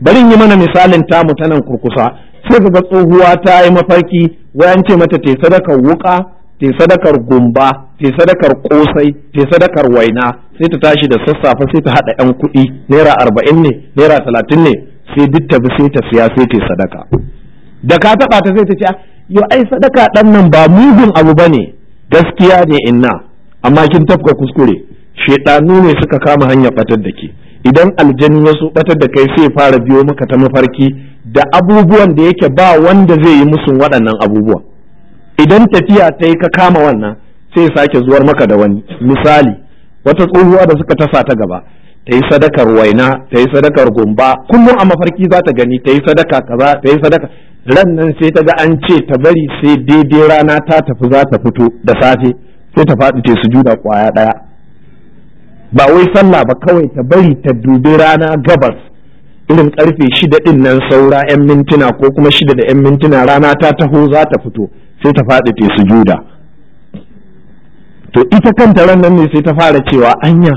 bari yi mana misalin tamu ta nan kurkusa sai ka ga tsohuwa ta yi mafarki wayan ce mata te sadakar wuka te sadakar gumba te sadakar kosai te sadakar waina sai ta tashi da sassafe sai ta haɗa yan kuɗi naira arba'in ne naira talatin ne sai duk ta bi sai ta siya sai ta sadaka da ka taɓa ta sai ta ce ah, yo ai sadaka ɗan nan ba mugun abu ba ne. gaskiya ne inna amma kin tafka kuskure shedanu ne suka kama hanyar batar da ke idan aljani ya batar da kai sai fara biyo maka ta mafarki da abubuwan da yake ba wanda zai yi musun waɗannan abubuwa idan tafiya ta yi ka kama wannan sai sake zuwar maka da wani misali wata tsohuwa da suka tasa ta gaba ta yi sadakar waina ta yi sadakar gumba kullum a mafarki za ta gani ta yi sadaka kaza ta yi sadaka ran nan sai ta ga an ce ta bari sai daidai rana ta tafi za ta fito da safe sai ta faɗi ta sujuda kwaya ɗaya ba wai sallah ba kawai ta bari ta dubi rana gabas irin karfe shida din nan saura yan mintuna ko kuma shida da yan mintuna rana ta taho za ta fito sai ta faɗi ta sujuda to ita kanta ran nan ne sai ta fara cewa anya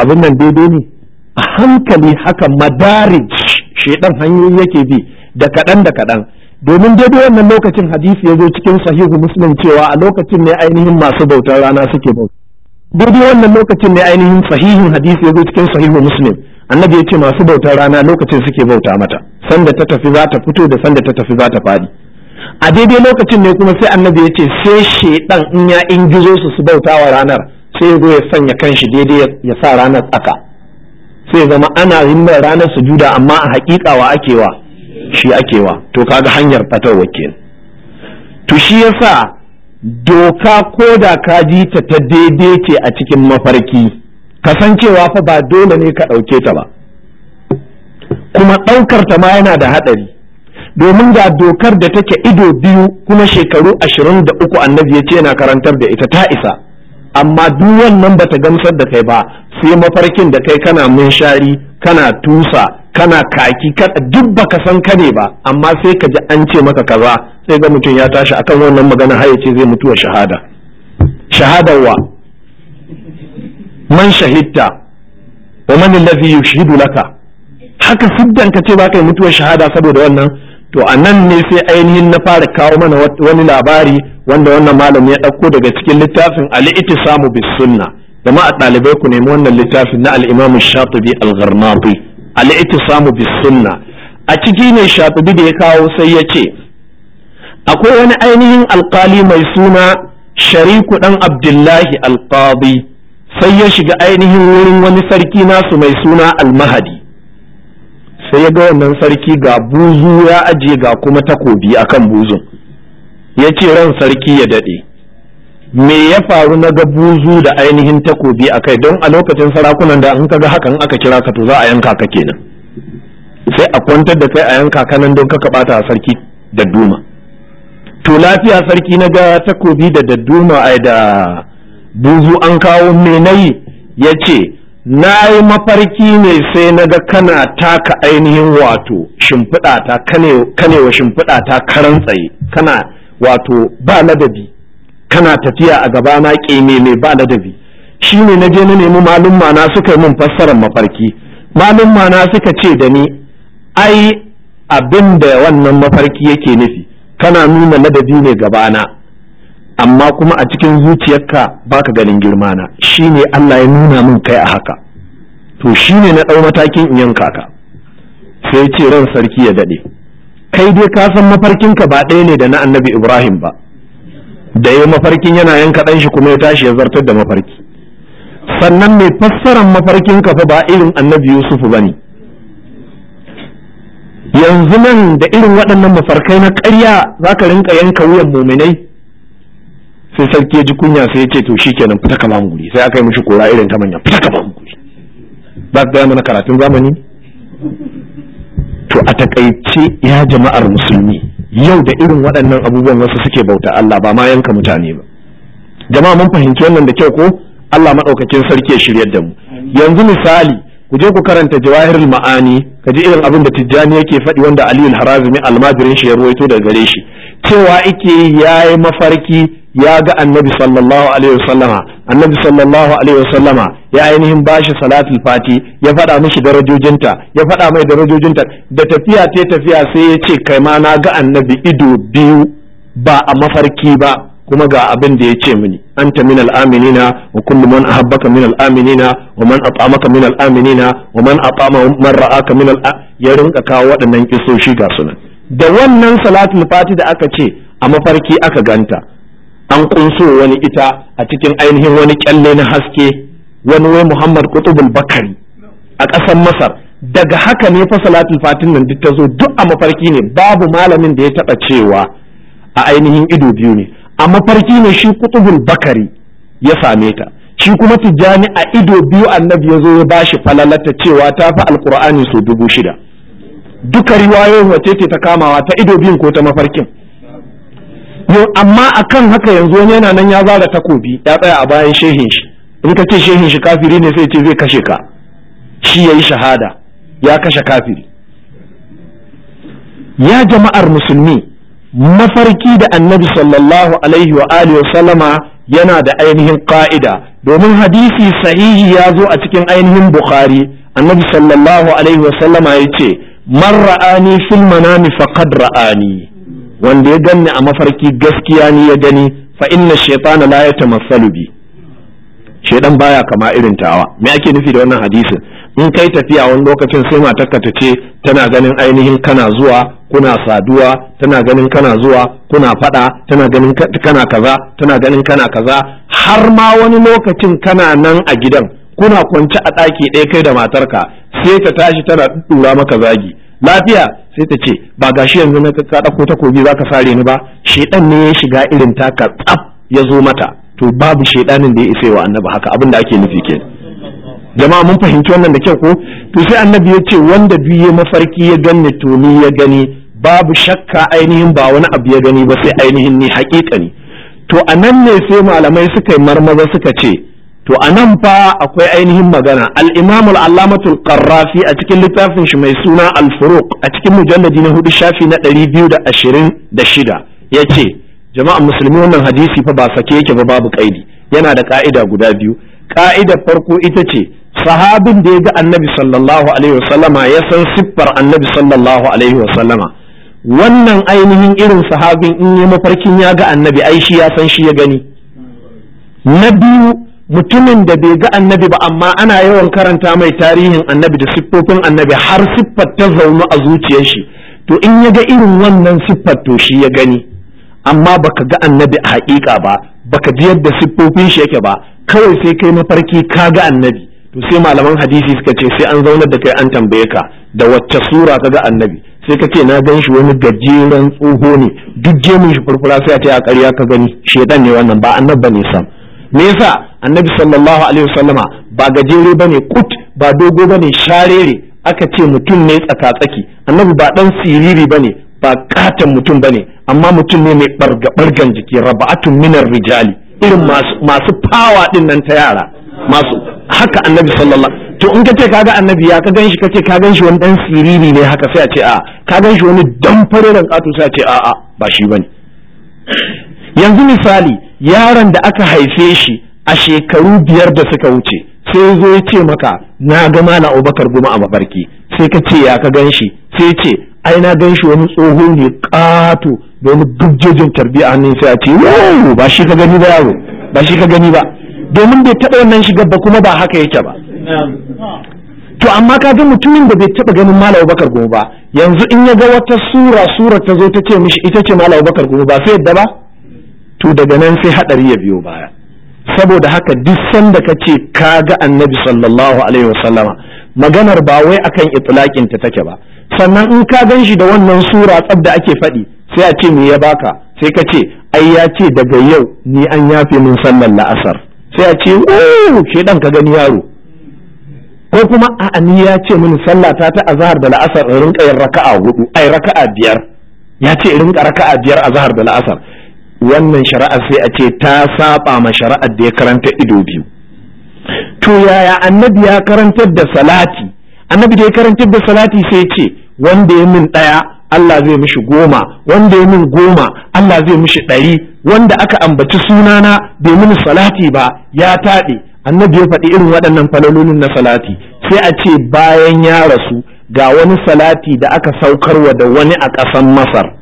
abin nan daidai ne a hankali haka madarij shedan hanyoyi yake bi da kaɗan da kaɗan domin daidai wannan lokacin hadisi ya zo cikin sahihu muslim cewa a lokacin ne ainihin masu bautar rana suke bauta daidai wannan lokacin ne ainihin sahihin hadisi ya zo cikin sahihu muslim annabi ya ce masu bautar rana lokacin suke bauta mata sanda ta tafi za ta fito da sanda ta tafi za ta faɗi a daidai lokacin ne kuma sai annabi ya ce sai shedan in ya ingizo su su bauta wa ranar sai ya zo ya sanya kanshi daidai ya sa ranar tsaka sai zama ana himmar ranar su sujuda amma a hakika wa akewa shi akewa to kaga hanyar fatawa kenan to shi yasa doka ko da ka ji ta ta daidai ce a cikin mafarki cewa fa ba dole ne ka ɗauke ta ba kuma ɗaukar ta ma yana da haɗari domin ga dokar da take ido biyu kuma shekaru ashirin da uku annabi ya ce yana karantar da ita ta isa amma duk wannan bata gamsar da kai ba sai mafarkin da kai kana munshari kana tusa kana kaki duk baka san ka ne ba amma sai ka ji an ce maka kaza sai ga mutum ya tashi akan wannan magana har ya ce zai mutuwa shahada shahadar wa man shahidta wa man allazi yushhidu laka haka siddan ka ce baka yi mutuwar shahada saboda wannan to a nan ne sai ainihin na fara kawo mana wani labari wanda wannan malam ya ɗauko daga cikin littafin al-ittisamu bis sunna jama'a ɗalibai ku nemi wannan littafin na al-imam shatibi al-gharnati al'itisamu bis sunna a ciki ne shatubi da ya kawo sai ya ce akwai wani ainihin alkali mai suna shariku ɗan abdullahi alqadi sai ya shiga ainihin wurin wani sarki nasu mai suna almahadi sai ya ga wannan sarki ga buzu ya ajiye ga kuma takobi akan buzun ya ce ran sarki ya daɗe me ya faru na ga buzu da ainihin takobi a kai don a lokacin sarakunan da in kaga hakan aka kira ka to za a yanka ka kenan sai a kwantar da kai a yanka ka nan don ka a sarki da duma to lafiya sarki na ga takobi da dadduma ai da buzu an kawo me nayi ya ce na yi mafarki ne sai na ga kana taka ainihin wato shimfiɗa ta kanewa shimfiɗa ta karan tsaye kana wato ba ladabi kana tafiya a gaba na ƙeme mai ba ladabi shi ne na je na nemi malum mana suka yi min fassarar mafarki malum mana suka ce da ni ai abin da wannan mafarki yake nufi kana nuna ladabi ne gabana amma kuma a cikin zuciyarka baka ganin girmana shi ne Allah ya nuna min kai a haka to shi ne na ɗau matakin in yanka ka sai ce ran sarki ya daɗe kai dai ka san mafarkinka ba ɗaya ne da na annabi ibrahim ba da ya mafarkin yana yanka ɗan shi kuma ya tashi ya zartar da mafarki sannan mai fassarar mafarkin kafa ba irin annabi yusufu ba ne yanzu nan da irin waɗannan mafarkai na ƙarya za ka rinka yanka wuyan muminai sai sarki ya ji kunya sai ya ce to shi kenan fita kama guri sai aka yi mishi kora irin ta manya fita kama guri za ka gaya mana karatun zamani to a takaice ya jama'ar musulmi yau da irin waɗannan abubuwan wasu suke bauta Allah ba ma yanka mutane ba jama'a mun fahimci wannan da kyau ko Allah maɗaukakin sarki ya shirya da mu yanzu misali ku je ku karanta jawahirul ma'ani ka ji irin abin da tijjani yake faɗi wanda aliyu al-harazimi almajirin shi ya ruwaito daga gare shi cewa yake yayi mafarki ya ga annabi sallallahu alaihi wasallama annabi sallallahu alaihi wasallama ya ainihin bashi salatul fati ya faɗa mishi darajojinta ya faɗa mai darajojinta da tafiya ta tafiya sai ya ce kai ma na ga annabi ido biyu ba a mafarki ba kuma ga abin da ya ce mini anta min al-aminina wa kullu man ahabbaka min al-aminina wa man at'amaka min al-aminina wa man at'ama man ra'aka min al ya rinka kawo waɗannan kisoshi ga sunan da wannan salatul fati da aka ce a mafarki aka ganta an kunso wani ita a cikin ainihin wani kyalle na haske wani wai Muhammad Qutubul Bakari a ƙasar Masar daga haka ne fa salatul fatin nan duk ta zo duk a mafarki ne babu malamin da ya taɓa cewa a ainihin ido biyu ne a mafarki ne shi Qutubul Bakari ya same ta shi kuma tijjani a ido biyu annabi ya zo ya bashi falalata cewa ta fi alkur'ani sau dubu shida duka riwayoyin wace ce ta kamawa ta ido biyun ko ta mafarkin yau amma akan haka yanzu wani yana nan ya zara takobi ya tsaya a bayan shehin shi in ka ce shehin shi kafiri ne sai ce zai kashe ka shi yayi shahada ya kashe kafiri ya jama'ar musulmi mafarki da annabi sallallahu alaihi wa alihi sallama yana da ainihin ka'ida domin hadisi sahihi ya zo a cikin ainihin bukhari annabi sallallahu alaihi wa sallama ya ce man ra'ani fil manami faqad ra'ani wanda ya ganni a mafarki gaskiya ni ya gani fa inna shaytana la yatamassalu bi shedan baya kama irin tawa me ake nufi da wannan hadisin in kai tafiya wani lokacin sai matarka ta ce tana ganin ainihin kana zuwa kuna saduwa tana ganin kana zuwa kuna fada tana ganin kana kaza tana ganin kana kaza har ma wani lokacin kana nan a gidan kuna kwance a ɗaki ɗaya kai da matarka sai ta tashi tana ɗura maka zagi lafiya sai ta ce ba gashi yanzu na ka ɗauko takobi za ka sare ni ba shedan ne ya shiga irin taka tsaf ya zo mata to babu shedanin da ya isa wa annabi haka abin da ake nufi ke jama'a mun fahimci wannan da kyau ko to sai annabi ya ce wanda biye mafarki ya ganni to ni ya gani babu shakka ainihin ba wani abu ya gani ba sai ainihin ni haƙiƙani to a nan ne sai malamai suka yi marmaza suka ce to a nan fa akwai ainihin magana al-imam al-allamatul a cikin littafin shi mai suna al a cikin mujalladi na hudu shafi na da da ashirin shida ya ce jama'an musulmi wannan hadisi fa ba sake yake ba babu ƙa'idi. yana da ƙa'ida guda biyu Ƙa'ida farko ita ce sahabin da ya ga annabi sallallahu alaihi wasallama ya san siffar annabi sallallahu alaihi wasallama wannan ainihin irin sahabin in yi mafarkin ya ga annabi ai shi ya san shi ya gani na biyu mutumin da bai ga annabi ba amma ana yawan karanta mai tarihin annabi da siffofin annabi har siffar ta zaune a zuciyar shi to in ya ga irin wannan siffar to shi ya gani amma baka ga annabi a haƙiƙa ba baka ji yadda siffofin shi yake ba kawai sai kai mafarki ka ga annabi to sai malaman hadisi suka ce sai an zauna da kai an tambaye ka da wacce sura ka ga annabi sai ka ce na gan shi wani gajeren tsoho ne duk gemun shi furfura sai a ce a ƙarya ka gani shedan ne wannan ba annabi ne sam me yasa annabi sallallahu alaihi wasallama ba gajere bane kut ba dogo bane sharere aka ce mutum ne tsaka-tsaki annabi ba dan siriri bane ba katon mutum bane amma mutum ne mai barga-bargan jiki rabatun minar rijali irin masu fawa din nan ta yara masu haka annabi sallallahu to in kace kaga annabi ya ka ganshi kace ka ganshi wani dan siriri ne haka sai a ce a ka ganshi wani dan fararen katu sai a ce a a ba shi bane yanzu misali yaron da aka haife shi a shekaru biyar da suka wuce sai zo ya ce maka na ga mala abubakar goma a mafarki sai ka ce ya ka gan shi sai ce ai na gan shi wani tsoho ne ƙato da wani gujjojin tarbiya hannun sai a ce yau ba shi ka gani ba yaro ba shi ka gani ba domin bai taɓa wannan shigar ba kuma ba haka yake ba to amma ka ga mutumin da bai taɓa ganin malam abubakar goma ba yanzu in ya ga wata sura sura ta zo ta ce mishi ita ce malam abubakar goma ba sai yadda ba to daga nan sai hadari ya biyo baya saboda haka duk sanda ka ce ka ga annabi sallallahu alaihi wasallama maganar ba wai akan itlaqin ta take ba sannan in ka gan shi da wannan sura tsab da ake faɗi sai a ce me ya baka sai ka ce ai ya ce daga yau ni an yafe min sallar la'asar sai a ce oh ke dan ka gani yaro ko kuma a'a ni ya ce min sallata ta azhar da la'asar in rinka yin raka'a hudu ai raka'a biyar ya ce rinka raka'a biyar azhar da la'asar wannan shari'ar sai a ce ta saba ma shari'ar da ya karanta ido biyu to yaya annabi ya karantar da salati annabi da ya karantar da salati sai ce wanda ya min ɗaya Allah zai mishi goma wanda ya min goma Allah zai mishi ɗari wanda aka ambaci sunana bai mini salati ba ya taɗe annabi ya faɗi irin waɗannan falalolin na salati sai a ce bayan ya rasu ga wani salati da aka saukarwa da wani a ƙasan masar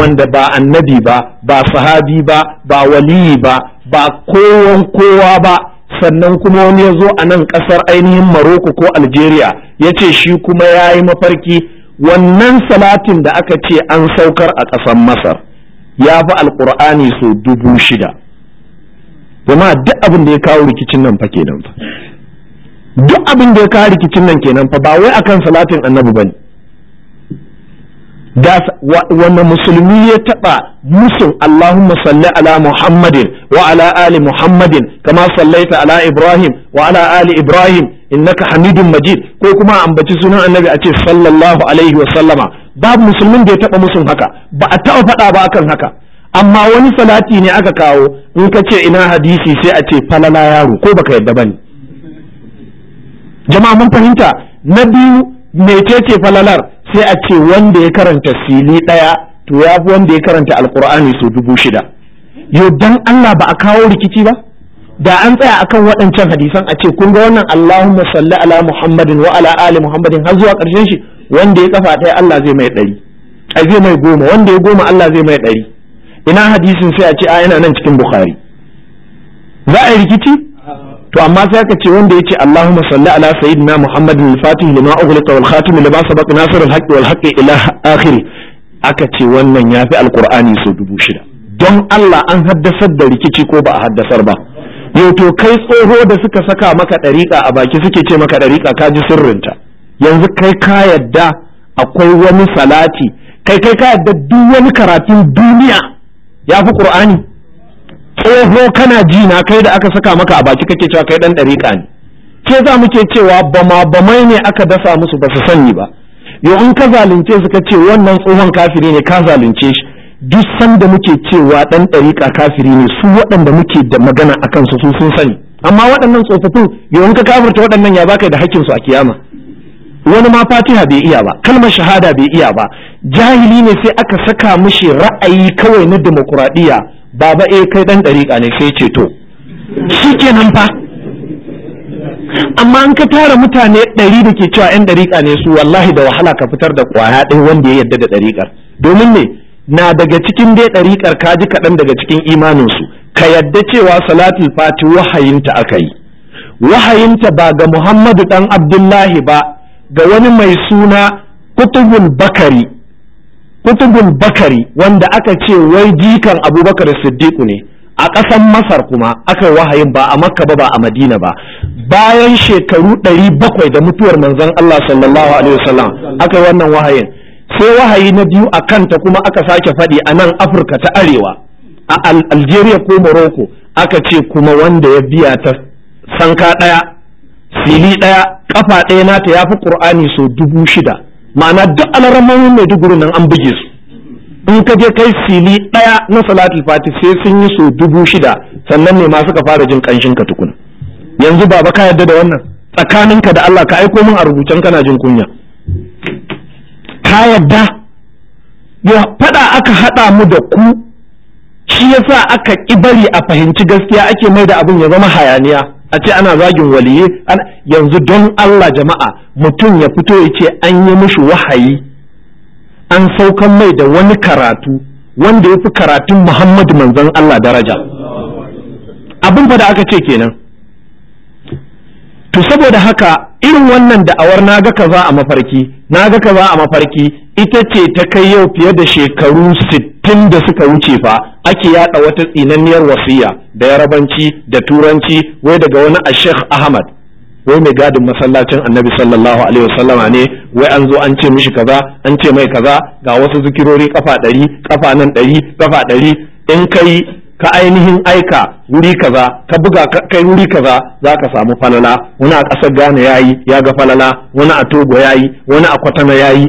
wanda ba annabi ba ba sahabi ba ba waliyi ba ba kowan kowa ba sannan kuma wani ya zo a nan ƙasar ainihin maroko ko algeria ya ce shi kuma ya yi mafarki wannan salatin da aka ce an saukar a ƙasar masar ya fi Alkur'ani so dubu shida jama'a duk abin da ya kawo rikicin nan fa kenan fa duk abin da ya kawo rikicin nan kenan fa ba wai akan salatin annabi bane Da wanda musulmi ya taɓa musu Allahumma salli ala Muhammadin wa ala ali Muhammadin kama sallaita ala Ibrahim wa ala ali Ibrahim innaka Hamidun Majid ko kuma ambaci sunan Annabi a ce sallallahu alaihi wa sallama babu musulmin da ya taɓa musun haka ba a taɓa faɗa ba akan haka amma wani salati ne aka kawo in ka ce ina hadisi sai a ce falala yaro ko baka yadda bane jama'a mun fahimta na biyu mecece falalar sai a ce wanda ya karanta sili ɗaya to ya fi wanda ya karanta alkur'ani sau dubu shida yau dan Allah ba a kawo rikici ba da an tsaya akan waɗancan hadisan a ce kun ga wannan Allahumma salli ala Muhammadin wa ala ali Muhammadin har zuwa ƙarshen shi wanda ya kafa ɗaya Allah zai mai ɗari a zai mai goma wanda ya goma Allah zai mai ɗari ina hadisin sai a ce a yana nan cikin Bukhari za a yi rikici to amma sai aka ce wanda yace Allahumma salli ala sayyidina Muhammadin al-Fatih lima ughliqa wal khatim lima sabaq nasir al-haqqi wal haqqi ila akhir aka ce wannan yafi alqur'ani sau dubu shida don Allah an haddasar da rikici ko ba a haddasar ba yau to kai tsoho da suka saka maka dariƙa a baki suke ce maka dariƙa ka ji sirrinta yanzu kai ka yadda akwai wani salati kai kai ka yadda duk wani karatun duniya ya fi ƙur'ani? tsoho kana ji na kai da aka saka maka a baki kake cewa kai dan dariƙa ne ke za muke cewa bama bamai ne aka dasa musu ba su sani ba yau in ka zalunce su ka ce wannan tsohon kafiri ne ka zalunce shi duk sanda muke cewa dan dariƙa kafiri ne su waɗanda muke da magana a kansu su sun sani amma waɗannan tsofaffin yau in ka kafirta waɗannan ya baka da hakkin su a kiyama wani ma fatiha bai iya ba kalmar shahada bai iya ba jahili ne sai aka saka mishi ra'ayi kawai na demokuraɗiyya baba eh kai dan dariƙa ne sai ce to shikenan fa amma an ka tara mutane ɗari da ke cewa 'yan ɗariƙa ne su wallahi da wahala ka fitar da kwaya ɗaya wanda ya yarda da ɗariƙar domin ne na daga cikin dai ɗariƙar ka ji kaɗan daga cikin imanin su ka yadda cewa salatul fati wahayinta aka yi wahayinta ba ga muhammadu ɗan abdullahi ba ga wani mai suna kutubul bakari kutubul bakari wanda aka ce wai jikan abubakar siddiqu ne a ƙasar masar kuma aka wahayin ba a makka ba ba a madina ba bayan shekaru ɗari bakwai da mutuwar manzon allah sallallahu alaihi wasallam aka yi wannan wahayin sai wahayi na biyu a kanta kuma aka sake faɗi a nan afirka ta arewa a algeria ko morocco aka ce kuma wanda ya biya ta sanka ɗaya fili ɗaya ƙafa ɗaya nata ya fi ƙur'ani sau dubu shida ma'ana duk alarmomin maiduguri nan an buge su in ka je kai fili ɗaya na salatul fati sai sun yi so dubu shida sannan ne ma suka fara jin kanshin ka tukuna yanzu baba ka yadda da wannan tsakaninka da Allah ka aiko min a rubucen kana jin kunya ka yadda ya faɗa aka haɗa mu da ku shi yasa aka ƙi a fahimci gaskiya ake mai da abin ya zama hayaniya a ce ana zagin waliye yanzu don Allah jama'a mutum ya fito ya ce an yi mushi wahayi an saukan mai da wani karatu wanda ya fi karatun Muhammadu manzon Allah daraja abin fa da aka ce kenan to saboda haka irin wannan da'awar na ga kaza a mafarki na ga kaza a mafarki ita ce ta kai yau fiye da shekaru sittin da suka wuce fa ake yada wata tsinanniyar wasiya da yarabanci da turanci wai daga wani a sheikh ahmad wai mai gadin masallacin annabi sallallahu alaihi wasallama ne wai an zo an ce mishi kaza an ce mai kaza ga wasu zikirori kafa ɗari kafa nan ɗari kafa ɗari in kai ka ainihin aika wuri kaza ka buga kai wuri kaza za ka samu falala wani a ƙasar Ghana yi ya ga falala wani a Togo ya yi, wani a Kwatana ya yi.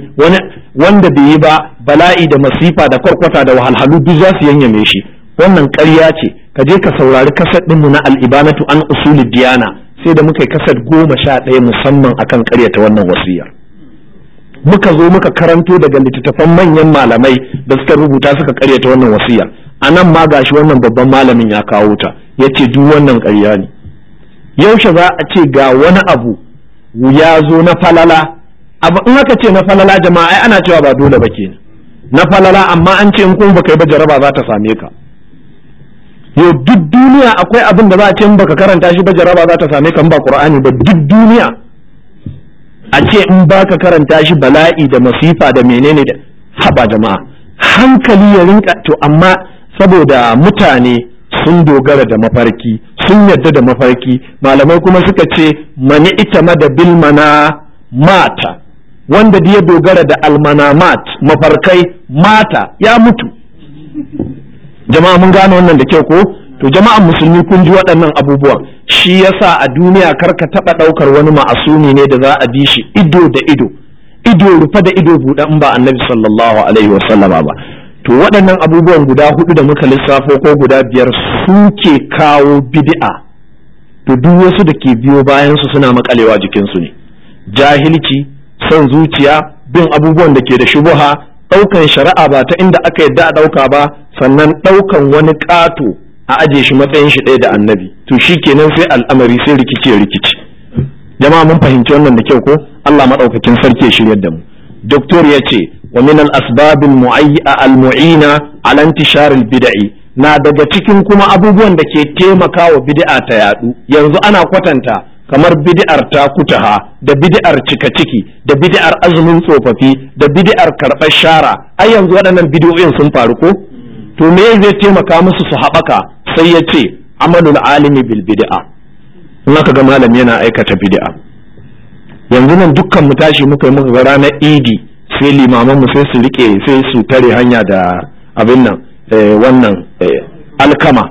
wanda bai yi ba bala'i da masifa da kwarkwata da wahalhalu duk za su yanyame shi wannan ƙarya ce ka je ka saurari kasar ɗinmu na al'ibanatu an usuli diyana sai da muka yi kasar goma sha ɗaya musamman akan ƙaryata wannan wasiyar muka zo muka karanto daga littattafan manyan malamai da suka rubuta suka ƙaryata wannan wasiyar a nan ma gashi wannan babban malamin ya kawo ta ya ce duk wannan ƙarya ne yaushe za a ce ga wani abu ya zo na falala abu in aka ce na falala jama'a ai ana cewa ba dole ba kenan na falala amma an ce in kun baka yi ba jaraba za ta same ka yo duk duniya akwai abin da za a ce in baka karanta shi ba jaraba za ta same ka in ba qur'ani ba duk duniya a ce in baka karanta shi bala'i da masifa da menene da haba jama'a hankali ya rinka to amma saboda mutane sun dogara da mafarki sun yarda da mafarki malamai kuma suka ce mani ita mada bil mata wanda ya dogara da mat mafarkai mata ya mutu jama'a mun gane wannan da kyau ko to jama'an musulmi kun ji waɗannan abubuwan shi yasa a duniya kar ka taɓa ɗaukar wani ma'asumi ne da za a bi shi ido da ido ido rufe da ido buɗe in ba annabi sallallahu alaihi wasallama ba to waɗannan abubuwan guda hudu da muka lissafo ko guda biyar suke kawo bid'a to duk wasu da ke biyo bayan su suna makalewa jikinsu ne jahilci son zuciya bin abubuwan da ke da shubuha ɗaukan shari'a ba ta inda aka yadda a ɗauka ba sannan ɗaukan wani ƙato a aje shi matsayin shi ɗaya da annabi to shi kenan sai al'amari sai rikici rikici jama'a mun fahimci wannan da kyau ko Allah maɗaukakin sarki ya shiryar da mu doktor ya ce wa min al-asbabin al-mu'ina ala intishar bid'i na daga cikin kuma abubuwan da ke taimakawa bid'a ta yadu yanzu ana kwatanta kamar bid'ar ta kutaha da bid'ar cika ciki da bid'ar azumin tsofaffi da bid'ar karɓar shara ai yanzu waɗannan bid'o'in sun faru ko to me zai taimaka musu su haɓaka sai ya ce amalul alimi bil bid'a in ga malami yana aikata bid'a yanzu nan dukkan mu tashi muka yi muka ga ranar idi sai limaman mu sai su rike sai su tare hanya da abin nan eh, wannan eh, alkama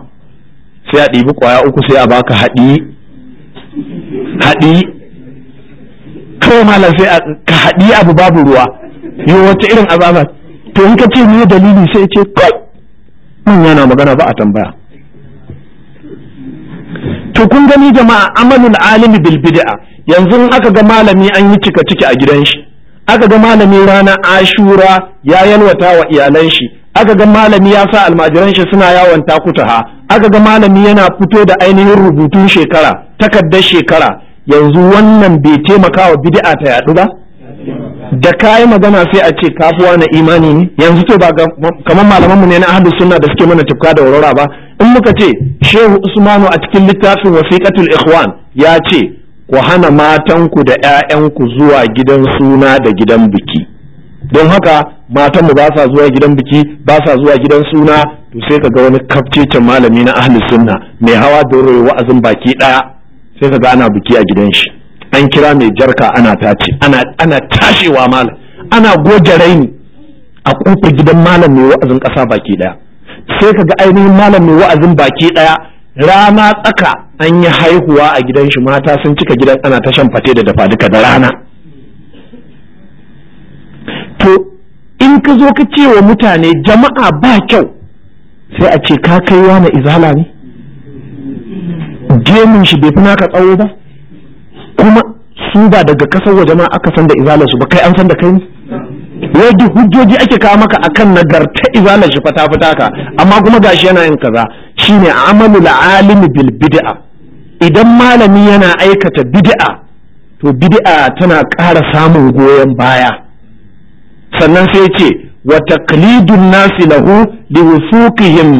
sai a ɗibi ƙwaya uku sai a baka haɗi haɗi kawai malam sai ka haɗi abu babu ruwa yi wata irin azaba to in ka ce ni dalili sai ce kai mun yana magana ba a tambaya to kun gani jama'a amalul alimi bil bid'a yanzu aka ga malami an yi cika ciki a gidan shi aka ga malami ranar ashura ya yalwata wa iyalan shi aka ga malami ya sa almajiran shi suna yawon takutaha aka ga malami yana fito da ainihin rubutun shekara takardar shekara yanzu wannan bai taimaka wa bid'a ta yadu ba da kayi magana sai a ce kafuwa na imani ne yanzu to ba kamar malaman mu ne na ahlus sunna da suke mana tufka da warora ba in muka ce shehu usmanu a cikin littafin wasiqatul ikhwan ya ce ku hana matanku da 'ya'yanku zuwa gidan suna da gidan biki don haka matanmu ba sa zuwa gidan biki ba sa zuwa gidan suna to sai ka ga wani kafcecen malami na ahli sunna mai hawa da wa'azin baki ɗaya sai ka ga ana biki a gidan shi an kira mai jarka ana tace ana ana tashewa malam ana goge raini a kofar gidan malam mai wa'azin ƙasa baki ɗaya sai ka ga ainihin malam mai wa'azin baki ɗaya rana tsaka an yi haihuwa a gidan shi mata sun cika gidan ana ta shan fate da dafa duka da rana to in ka zo ka ce wa mutane jama'a ba kyau sai a ce ka kai na izala ne gemun shi bai fi naka tsawo ba kuma su ba daga kasar waje ma aka san da izalar su ba kai an san da kai ne wadda hujjoji ake kawo maka akan nagarta izalar shi fata fata ka amma kuma gashi yana yin kaza shine amalul alimi bil bid'a idan malami yana aikata bid'a to bid'a tana ƙara samun goyon baya sannan sai ce wa taqlidun nasi lahu li wusuqihim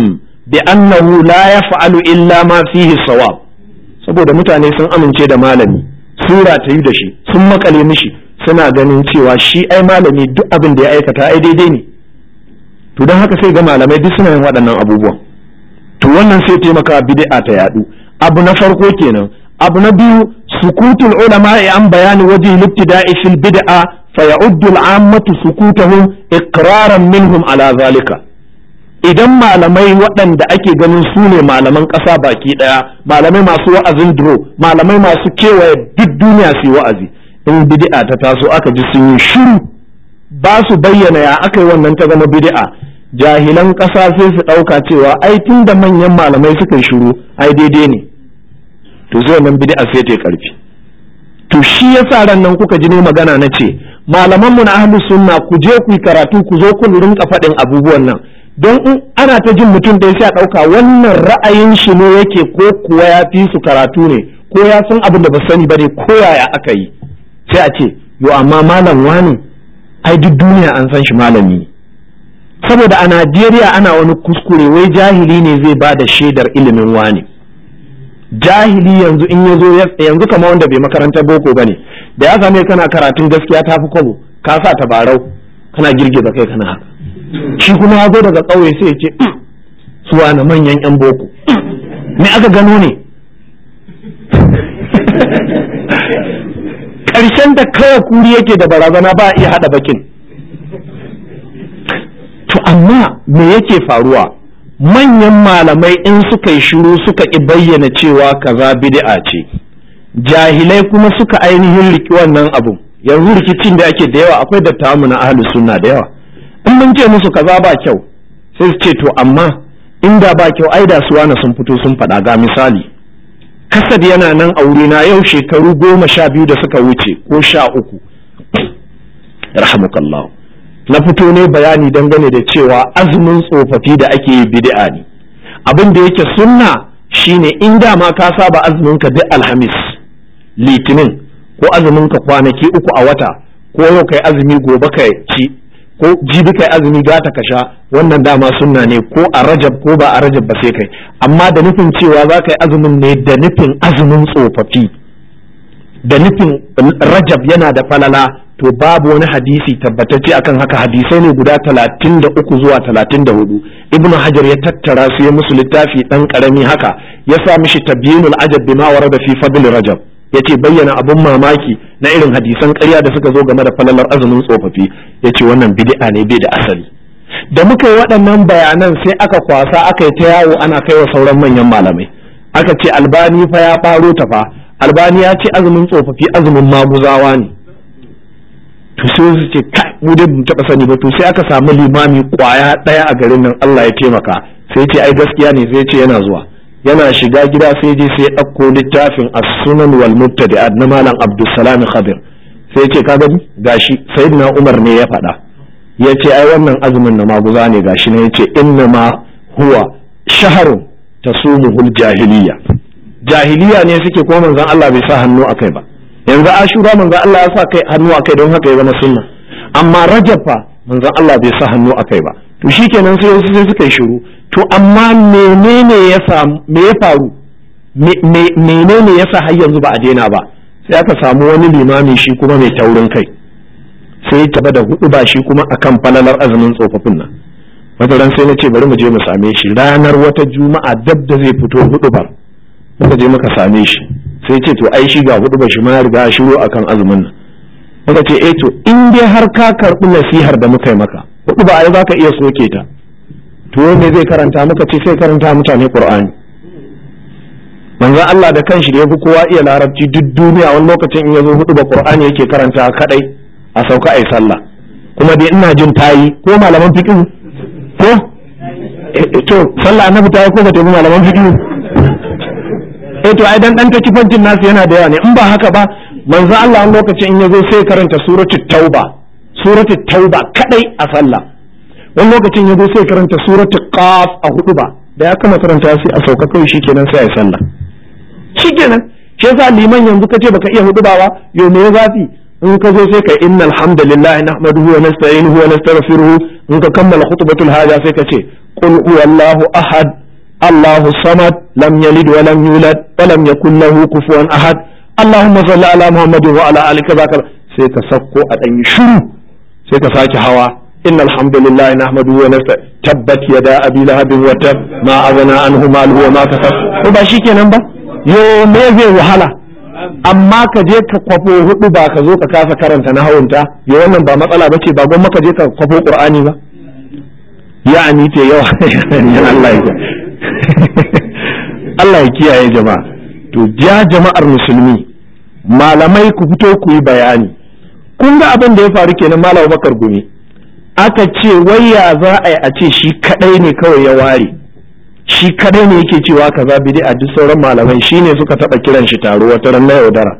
bi annahu la yaf'alu illa ma fihi sawab saboda mutane sun amince da malami sura ta yi da shi sun makale mishi suna ganin cewa shi ai malami duk abin da ya aikata ai daidai ne to don haka sai ga malamai duk suna yin waɗannan abubuwan to wannan sai taimaka bid'a ta yadu abu na farko kenan abu na biyu sukutul ulama'i an bayani waje ibtida'i fil bid'a fa ya'uddu al'ammatu sukutahum iqraran minhum ala zalika idan malamai waɗanda ake ganin su ne malaman ƙasa baki ɗaya malamai masu wa'azin duro malamai masu kewaye duk duniya su wa'azi in bid'a ta taso aka ji sun yi shiru ba su bayyana ya aka yi wannan ta zama bid'a jahilan ƙasa sai su ɗauka cewa ai tun da manyan malamai suka shiru ai daidai ne to zai nan bid'a sai ta karfi to shi yasa ran nan kuka ji ne magana na ce malaman mu na ahlus sunna ku je ku karatu ku zo ku rinka faɗin abubuwan nan don ana ta jin mutum da ya ɗauka wannan ra'ayin shi ne yake ko kuwa ya fi su karatu ne ko ya san abin da ba sani ba ne ko yaya aka yi sai a ce yo amma malam wani ai duk duniya an san shi malami saboda a najeriya ana wani kuskure wai jahili ne zai ba da shaidar ilimin wani jahili yanzu in yazo zo yanzu kama wanda bai makaranta boko ba ne da ya same kana karatun gaskiya ta fi kwabo ka sa tabarau kana girgiza kai kana haka shi kuma ya zo daga ƙauye sai ya ce mm, suwa na manyan yan boko me aka gano ne ƙarshen da kawai kuri yake da barazana ba a iya haɗa bakin to amma me yake faruwa manyan malamai in suka yi shiru suka ki bayyana cewa kaza bid'a ce jahilai kuma suka ainihin riki wannan abu. yanzu rikicin da ake da yawa akwai dattawanmu na ahlus sunna da yawa in mun ce musu kaza ba kyau sai su ce to amma inda ba kyau ai da suwana sun fito sun faɗa ga misali kasad yana nan a na yau shekaru goma sha biyu da suka wuce ko sha uku rahamukallahu na fito ne bayani dangane da cewa azumin tsofaffi da ake yi bid'a ne abin da yake sunna shine in dama ka saba azumin ka duk alhamis litinin ko azumin ka kwanaki uku a wata ko yau kai azumi gobe kai ci ko jibi kai azumi gata ka sha wannan dama sunna ne ko a rajab ko ba a rajab ba sai kai amma da nufin cewa za ka yi azumin ne da nufin azumin tsofaffi da nufin rajab yana da falala to babu wani hadisi tabbatacce akan haka hadisai ne guda talatin da uku zuwa talatin da hudu. ibnu hajar ya tattara su ya musu littafi dan karami haka ya sa mishi tabyinul ajab bima warada fi fadl rajab yace bayyana abun mamaki na irin hadisan ƙarya da suka zo game da falalar azumin tsofaffi yace wannan bid'a ne bai da asali da muka yi waɗannan bayanan sai aka kwasa aka yi ta yawo ana kai wa sauran manyan malamai aka ce albani fa ya faro ta fa albani ya ce azumin tsofaffi azumin maguzawa ne to sai su ce kai mu dai mu taba sani ba to sai aka samu limami kwaya daya a garin nan Allah ya taimaka sai ce ai gaskiya ne sai ce yana zuwa yana shiga gida sai je sai dauko littafin as-sunan wal mubtadi'at na malam Abdulsalam Khadir sai ce ka gani gashi sayyidina Umar ne ya faɗa ya ce ai wannan azumin na maguza ne gashi ne ya ce inna ma huwa shaharun tasumuhul jahiliya jahiliya ne suke ko manzon Allah bai sa hannu akai ba yanzu ashura manzo Allah ya sa kai hannu a kai don haka ya zama sunna amma rajab fa manzo Allah bai sa hannu a kai ba to shikenan sai wasu sai suka yi shiru to amma menene ya sa me ya faru menene ya sa har yanzu ba a daina ba sai aka samu wani limami shi kuma mai taurin kai sai ya taba da hudu ba shi kuma akan falalar azumin tsofaffin nan wata ran sai na ce bari mu je mu same shi ranar wata juma'a dab da zai fito hudu ba muka je muka same shi sai ce to ai shi ga hudu ba shi ma riga shiro akan azumin nan muka ce eh to in dai har ka karbi nasihar da muka yi maka hudu ba ai za ka iya soke ta to me zai karanta muka ce sai karanta mutane qur'ani manzon Allah da kanshi da yafi kowa iya larabci duk duniya wani lokacin in yazo hudu ba qur'ani yake karanta kadai a sauka ai sallah kuma dai ina jin tayi ko malaman fiqh ko eh, eh, to sallah annabi tayi ko ba ta malaman fiqh eh to ai dan dan ta kifancin nasu yana da yawa ne in ba haka ba manzo Allah a lokacin in yazo sai karanta suratul tauba suratul tauba kadai a sallah wani lokacin yazo sai karanta suratul qaf a hudu ba da ya kama karanta sai a sauka kai shikenan sai ya sallah shikenan shi yasa liman yanzu kace baka iya hudu ba yo me zafi in ka zo sai ka innal hamdulillahi nahmaduhu wa nasta'inuhu wa nastaghfiruhu in ka kammala khutbatul haja sai ka ce qul huwallahu ahad Allahu samad lam yalid wa lam yulad wa lam yakul lahu kufuwan ahad Allahumma salli Muhammad wa ala sai ka sakko a dan shiru sai ka sake hawa innal hamdalillah nahmaduhu wa nasta'in tabbat yada abi lahab wa ma aghna anhu maluhu wa ma kasab ko ba shikenan ba yo me zai wahala amma ka je ka kwafo hudu ba ka zo ka kasa karanta na hawunta ya wannan ba matsala ba ce ba gwamma ka je ka kwafo qur'ani ba ya ani te yawa Allah ya Allah ya kiyaye jama'a to ja jama'ar musulmi malamai ku fito ku yi bayani kun ga abin da ya faru kenan malam bakar gumi aka ce wai ya za a yi a ce shi kadai ne kawai ya ware shi kadai ne yake cewa kaza a duk sauran malamai shine suka taba kiran shi taro wata ran na yaudara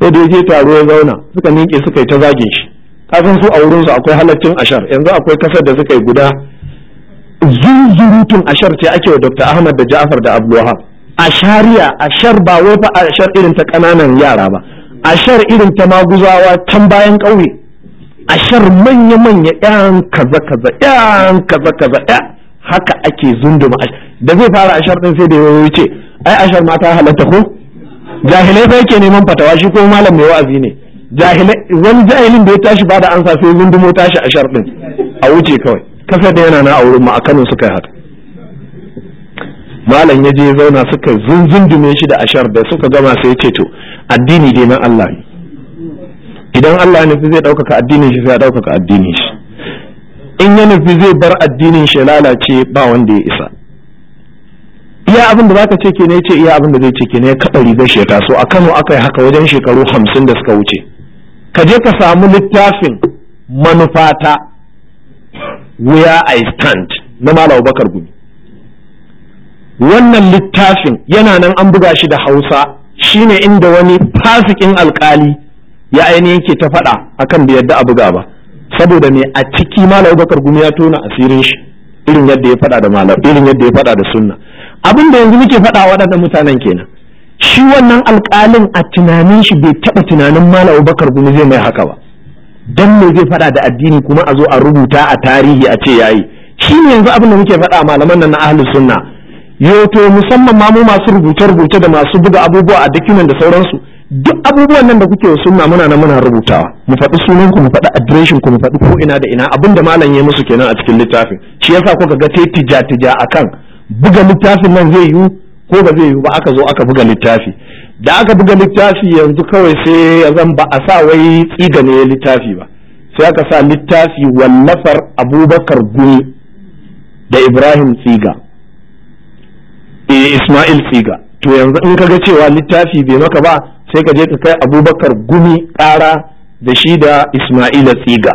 sai da je taro ya zauna suka ninke suka yi ta zagin shi kafin su a wurin su akwai halaccin ashar yanzu akwai kasar da suka yi guda zunzurutun ashar ce ake wa Dr. Ahmad da Ja'far da Abdullahi. ashariya ashar ba wai fa ashar irin ta kananan yara ba ashar irin ta maguzawa can bayan ƙauye ashar manya manya yan kaza kaza yan kaza kaza ya haka ake zunduma da zai fara ashar din sai da ya ce ai ashar mata halatta ko jahilai fa yake neman fatawa shi ko malam mai wa'azi ne jahilai wani jahilin da ya tashi ba da ansa sai zundumo tashi ashar din a wuce kawai kasa da yana na aure wurin ma a Kano suka yi haka malam ya je zauna suka zunzundume shi da ashar da suka gama sai ya ce to addini dai na Allah ne idan Allah ne zai ɗaukaka addinin shi sai ya ɗaukaka addinin shi in ya nufi zai bar addinin shi lalace ba wanda ya isa iya abin da zaka ce ke ne ce iya abin da zai ce ke ne ya kaɗa rigar shi ya taso a Kano aka yi haka wajen shekaru hamsin da suka wuce ka je ka samu littafin manufata where I stand na Malam Bakar Gumi wannan littafin yana nan an buga shi da Hausa shine inda wani fasikin alkali ya ainihin ke ta faɗa akan da yadda a buga ba saboda ne a ciki Malam Bakar Gumi ya tona asirin shi irin yadda ya faɗa da malam irin yadda ya faɗa da sunna abin da yanzu muke faɗa waɗannan mutanen kenan shi wannan alkalin a tunanin shi bai taɓa tunanin malam Abubakar Gumi zai mai haka ba dan me zai fada da addini kuma a zo a rubuta a tarihi a ce yayi shi ne yanzu abin da muke faɗa malaman nan na ahlus sunna yoto musamman ma mu masu rubuce rubuce da masu buga abubuwa a document da sauransu duk abubuwan nan da kuke wa sunna muna nan muna rubutawa mu faɗi sunan ku mu faɗi adireshin ku mu faɗi ko ina da ina abin da malam ya musu kenan a cikin littafin shi yasa kuka ga tai tija tija akan buga littafin nan zai yiwu ko ba zai yiwu ba aka zo aka buga littafi da aka buga littafi yanzu kawai sai zan ba a sa wai tsiga ne ya littafi ba sai aka sa littafi wallafar abubakar gumi da ibrahim tsiga eh, ismail tsiga to yanzu in ka ga cewa littafi bai maka ba sai ka je ka kai abubakar gumi ƙara da shi da Isma'il tsiga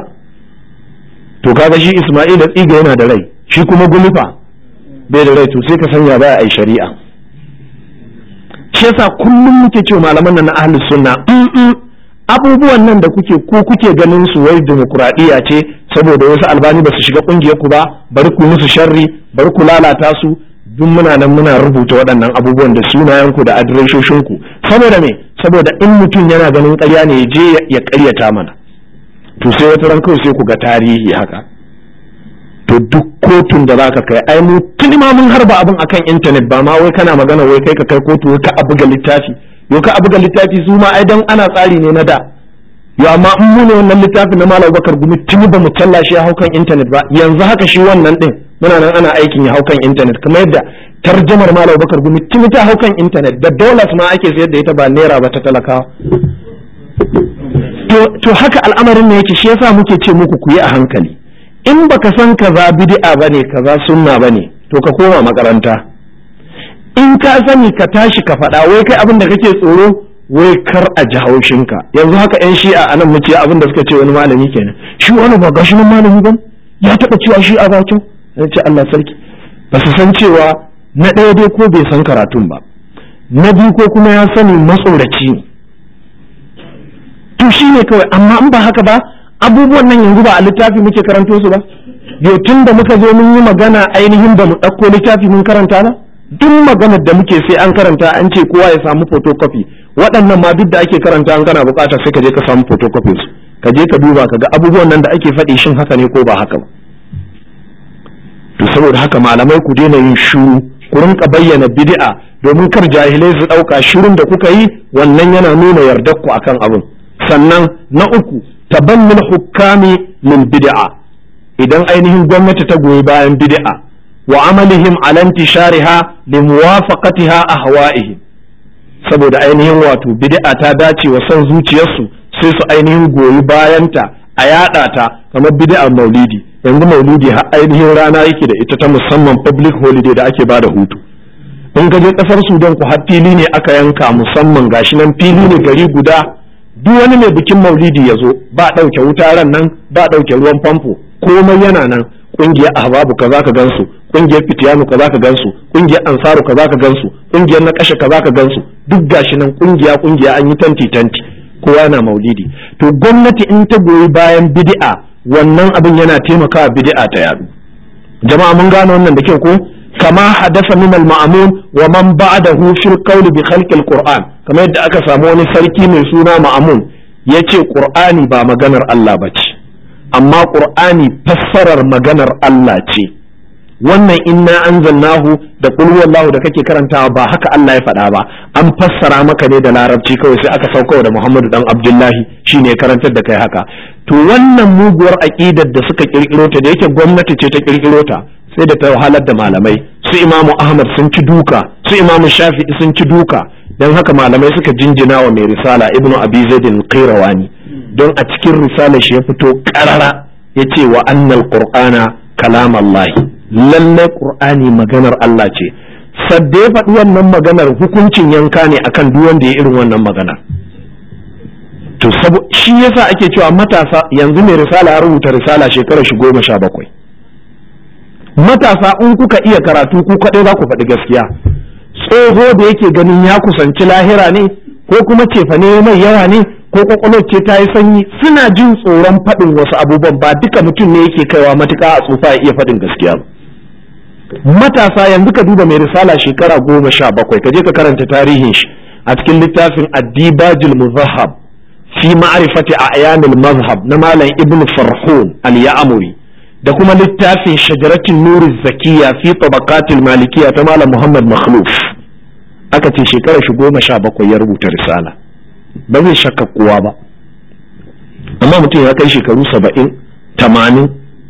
to kaga shi ismaila tsiga yana da rai shi kuma gumi fa bai da rai to sai ka sanya baya a shari'a shi yasa kullum muke cewa malaman nan na ahlus sunna abubuwan nan da kuke ko kuke ganin su wai demokuraɗiyya ce saboda wasu albani ba su shiga kungiyar ku ba bari ku musu sharri bari ku lalata su duk muna nan muna rubuta waɗannan abubuwan da sunayen ku da adiresoshin ku saboda me saboda in mutum yana ganin ƙarya ne ya je ya ƙaryata mana to sai wata ran kawai sai ku ga tarihi haka to duk kotun da zaka kai ai mu tuni ma mun harba abin akan intanet ba ma wai kana magana wai kai ka kai kotu ka abu ga littafi yo ka abu ga littafi su ma ai dan ana tsari ne na da yo amma in mu ne wannan littafi na Malam Bakar Gumi tuni ba mu talla shi hau kan ba yanzu haka shi wannan din muna nan ana aikin ya hau kan intanet kamar yadda tarjamar Malam Bakar Gumi tuni ta hau kan intanet da dollars ma ake sayar da ita ba naira ba ta talakawa to haka al'amarin ne yake shi yasa muke ce muku ku yi a hankali in ba ka san kaza bid'a bane kaza sunna ba ne, to ka koma makaranta in ka sani ka tashi ka faɗa wai kai abin da kake tsoro wai kar a ji haushinka yanzu haka yan shi'a a nan muke abin da suka ce wani malami kenan shi wani ba gashi nan malami ba ya taɓa cewa shi'a ba kyau ya ce Allah sarki ba su san cewa na ɗaya dai ko bai san karatun ba na biyu ko kuma ya sani matsoraci ne to shi ne kawai amma in ba haka ba abubuwan nan yanzu ba a littafi muke karanto su ba yau tun da muka zo mun yi magana ainihin da mu ɗauko littafi mun karanta na duk maganar da muke sai an karanta an ce kowa ya samu photocopy waɗannan ma duk da ake karanta an kana bukata sai ka je ka samu photocopy su ka je ka duba ka ga abubuwan nan da ake faɗi shin haka ne ko ba haka ba to saboda haka malamai ku daina yin shiru, ku rinka bayyana bid'a domin kar jahilai su ɗauka shirun da kuka yi wannan yana nuna yardar ku akan abun. sannan na uku tabannul hukami min bid'a idan ainihin gwamnati ta goyi bayan bid'a wa amalihim ala intishariha li muwafaqatiha ahwa'ihim saboda ainihin wato bid'a ta dace wa son zuciyarsu sai su ainihin goyi bayan ta a yaɗa ta kamar bid'a maulidi yanzu maulidi har ainihin rana yake da ita ta musamman public holiday da ake bada hutu in ka je kasar sudan ku har fili ne aka yanka musamman gashi nan fili ne gari guda duk wani mai bikin maulidi ya zo ba ɗauke wuta ran nan ba ɗauke ruwan famfo komai yana nan kungiyar ahbabu ka za ka gansu kungiyar fitiyanu ka za ka gansu kungiyar ansaru ka za ka gansu kungiyar na ƙashe ka za ka gansu duk gashi nan ƙungiya kungiya an yi tanti tanti kowa na maulidi to gwamnati in ta goyi bayan bid'a wannan abin yana taimakawa bid'a ta yadu jama'a mun gane wannan da kyau ko kama hadasa min al-ma'mun wa man ba'dahu fil qawli bi khalqi kamar yadda aka samu wani sarki mai suna ma'mun yace Ƙur'ani ba maganar Allah bace amma Ƙur'ani fassarar maganar Allah ce wannan inna anzalnahu da qul huwallahu da kake karantawa ba haka Allah ya faɗa ba an fassara maka ne da larabci kawai sai aka sauka da Muhammadu dan Abdullahi shine karantar da kai haka to wannan muguwar aqidar da suka ƙirƙirota da yake gwamnati ce ta kirkiro ta sai da ta wahalar da malamai su imamu ahmad sun ci duka su imamu shafi'i sun ci duka don haka malamai suka jinjina wa mai risala ibnu abi zaidin qirawani don a cikin risala shi ya fito karara yace wa annal qur'ana kalam allah lalle qur'ani maganar allah ce sadda ya faɗi wannan maganar hukuncin yanka ne akan duk wanda ya irin wannan magana, to sabo shi yasa ake cewa matasa yanzu mai risala ya rubuta risala shekarar shi goma sha bakwai matasa in kuka iya karatu ku kaɗai za ku faɗi gaskiya tsoho da yake ganin ya kusanci lahira ne ko kuma cefane mai yawa ne ko kwakwalwar ce ta yi sanyi suna jin tsoron faɗin wasu abubuwan ba duka mutum ne yake kaiwa matuƙa a tsufa ya iya faɗin gaskiya matasa yanzu ka duba mai risala shekara goma sha bakwai ka je ka karanta tarihin shi a cikin littafin addibajil muzahab fi a a'yanil mazhab na malam ibn farhun al-ya'muri da kuma littafin shajaratin nuri zakiya fi tabaqatil malikiya ta malam muhammad makhluf aka ce shekarar shi goma sha bakwai ya rubuta risala ba zai shakka kowa ba amma mutum ya kai shekaru saba'in tamanin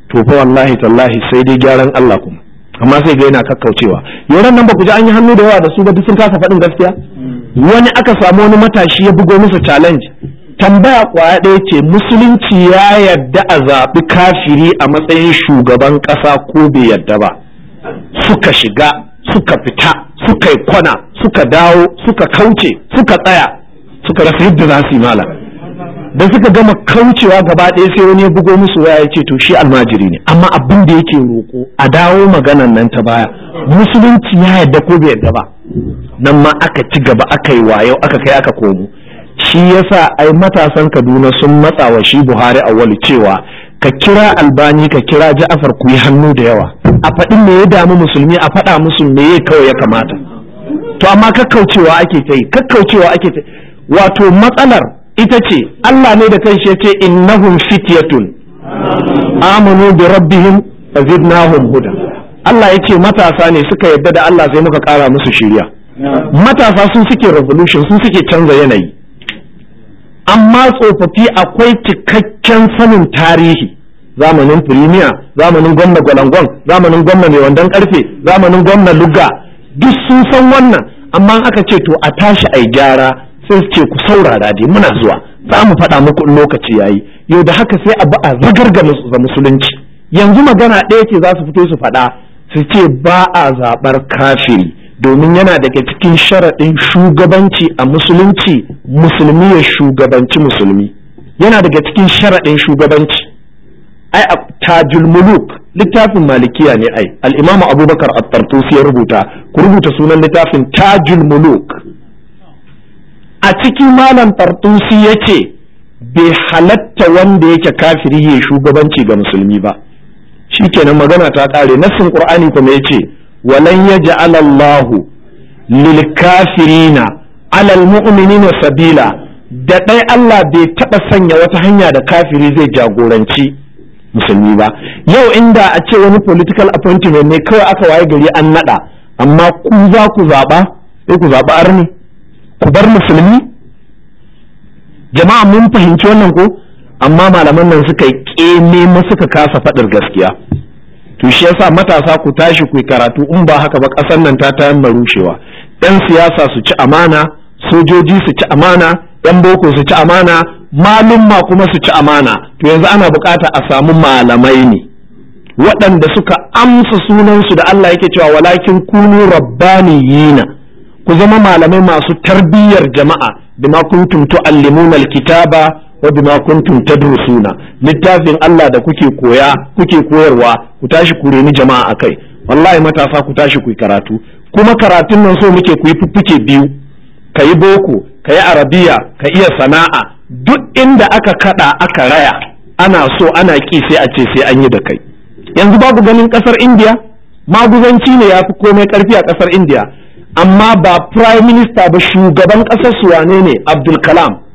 to fa wallahi tallahi sai dai gyaran allah kuma amma sai ga yana kakkaucewa yaran nan ba ku ji an yi hannu da yawa da su ba duk sun kasa faɗin gaskiya hmm. wani aka samu wani matashi ya bugo masa challenge tambaya kwaya ɗaya ce musulunci ya yarda a zaɓi kafiri a matsayin shugaban ƙasa ko bai yarda ba suka shiga suka fita suka yi kwana suka dawo suka kauce suka tsaya suka rasa yadda za su yi malam da suka gama kaucewa gaba ɗaya sai wani ya bugo musu waya ya ce to shi almajiri ne amma abin da yake roko a dawo maganan nan ta baya musulunci ya yarda ko bai yarda ba nan ma aka ci gaba aka yi wayo aka kai aka komo shi yasa ai matasan kaduna sun matsa wa shi buhari a wali cewa ka kira albani ka kira ja'afar ku yi hannu da yawa a faɗin me ya damu musulmi a faɗa musu me ya kawai ya kamata to amma kakkaucewa ake ta yi kakkaucewa ake ta wato matsalar ita ce Allah ne da kanshi ya ce innahum fityatun amanu bi rabbihim fazidnahum huda Allah ya matasa ne suka yadda da Allah sai muka kara musu shiriya matasa sun suke revolution sun suke canza yanayi amma tsofaffi akwai cikakken sanin tarihi zamanin firimiya zamanin gwamna gwalangon zamanin gwamna mai wandon karfe zamanin gwamna lugga duk sun san wannan amma aka ce to a tashi a gyara sai ce ku saurara dai muna zuwa za mu faɗa muku lokaci yayi yau da haka sai a ba a ga musulunci yanzu magana ɗaya ce za su fito su faɗa su ce ba a zaɓar kafiri domin yana daga cikin sharaɗin shugabanci a musulunci musulmi ya shugabanci musulmi yana daga cikin sharaɗin shugabanci ai a tajul muluk littafin malikiya ne ai al'imamu abubakar at ya rubuta ku rubuta sunan littafin tajul muluk a cikin malam tartusi ya ce bai halatta wanda yake kafiri ya shugabanci ga musulmi ba Shi kenan magana ta kare nassin ƙur'ani kuma ya ce walan yaj'ala Allahu lil kafirina alal mu'minina sabila da dai Allah bai taɓa sanya wata hanya da kafiri zai jagoranci musulmi ba yau inda a ce wani political appointment ne kawai aka waye gari an naɗa, amma ku za ku zaɓa? sai ku zaɓa arni ku bar musulmi jama'a mun fahimci wannan ko amma malaman nan suka yi keme suka kasa faɗar gaskiya to shi yasa matasa ku tashi ku karatu in ba haka ba ƙasar nan ta da rushewa yan siyasa su ci amana sojoji su ci amana yan boko su ci amana malumma kuma su ci amana to yanzu ana bukata a samu malamai ne waɗanda suka amsa sunansu da Allah yake cewa walakin kunu rabbaniyina ku zama malamai masu tarbiyyar jama'a bima kuntum tu'allimuna alkitaba wa bima kuntum tadrusuna littafin Allah da kuke koya kuke koyarwa ku tashi ku reni jama'a akai wallahi matasa ku tashi ku karatu kuma karatun nan so muke ku yi fuffuke biyu ka yi boko ka yi arabiya ka iya sana'a duk inda aka kada aka raya ana so ana ki sai a ce sai an yi da kai yanzu babu ganin kasar indiya maguzanci ne ya fi komai karfi a kasar indiya amma ba prime minister ba shugaban kasar su wane ne abdul kalam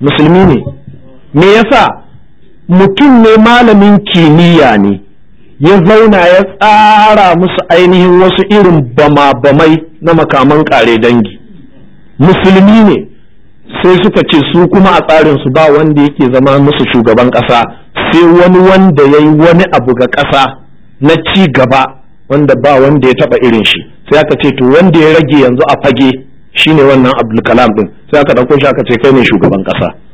musulmi ne me yasa mutum ne malamin kimiyya ne ya zauna ya tsara musu ainihin wasu irin bama-bamai na makaman kare dangi musulmi ne sai suka ce su kuma a tsarin su ba wanda yake zama musu shugaban ƙasa sai wani wanda ya yi wani abu ga ƙasa na ci gaba wanda ba wanda ya taba irin shi sai aka ce to wanda ya rage yanzu a fage shine wannan Abdul kalam din sai aka ɗauko shi aka ce kai ne shugaban ƙasa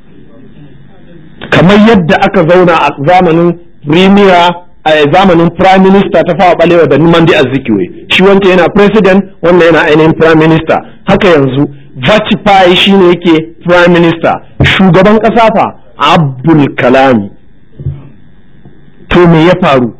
kamar yadda aka zauna a zamanin premier a zamanin prime minister ta fawa balewa da numan da shi wancan yana president wanda yana ainihin prime minister haka yanzu vatipai shi ne yake prime minister shugaban ƙasa fa abdul kalami to me ya faru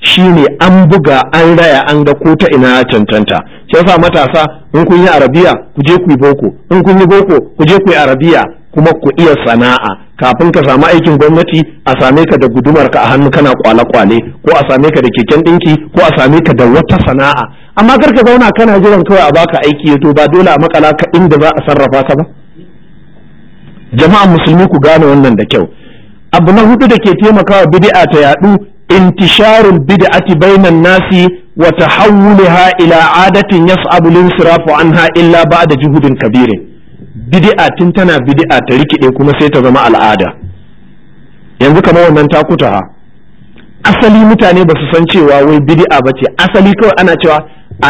shi ne an buga an raya an ga ko ta ina cancanta sai sa matasa in kun yi arabiya ku je ku yi boko in kun yi boko ku je ku yi arabiya kuma ku iya sana'a kafin ka samu aikin gwamnati a same ka da gudumar ka a hannu kana kwale-kwale ko a same ka da keken ɗinki ko a same ka da wata sana'a amma kar ka zauna kana jiran kawai a baka aiki ya to ba dole a makala ka inda za a sarrafa ka ba jama'an musulmi ku gane wannan da kyau abu na hudu da ke taimakawa bid'a ta yadu intisharul bid'ati bainan nasi wa tahawwulaha ila adatin yas'abu linsirafu anha illa ba'da juhudin kabirin bid'a tun tana bid'a ta rikide kuma sai ta zama al'ada yanzu kamar wannan takuta asali mutane ba su san cewa wai bid'a ba ce asali kawai ana cewa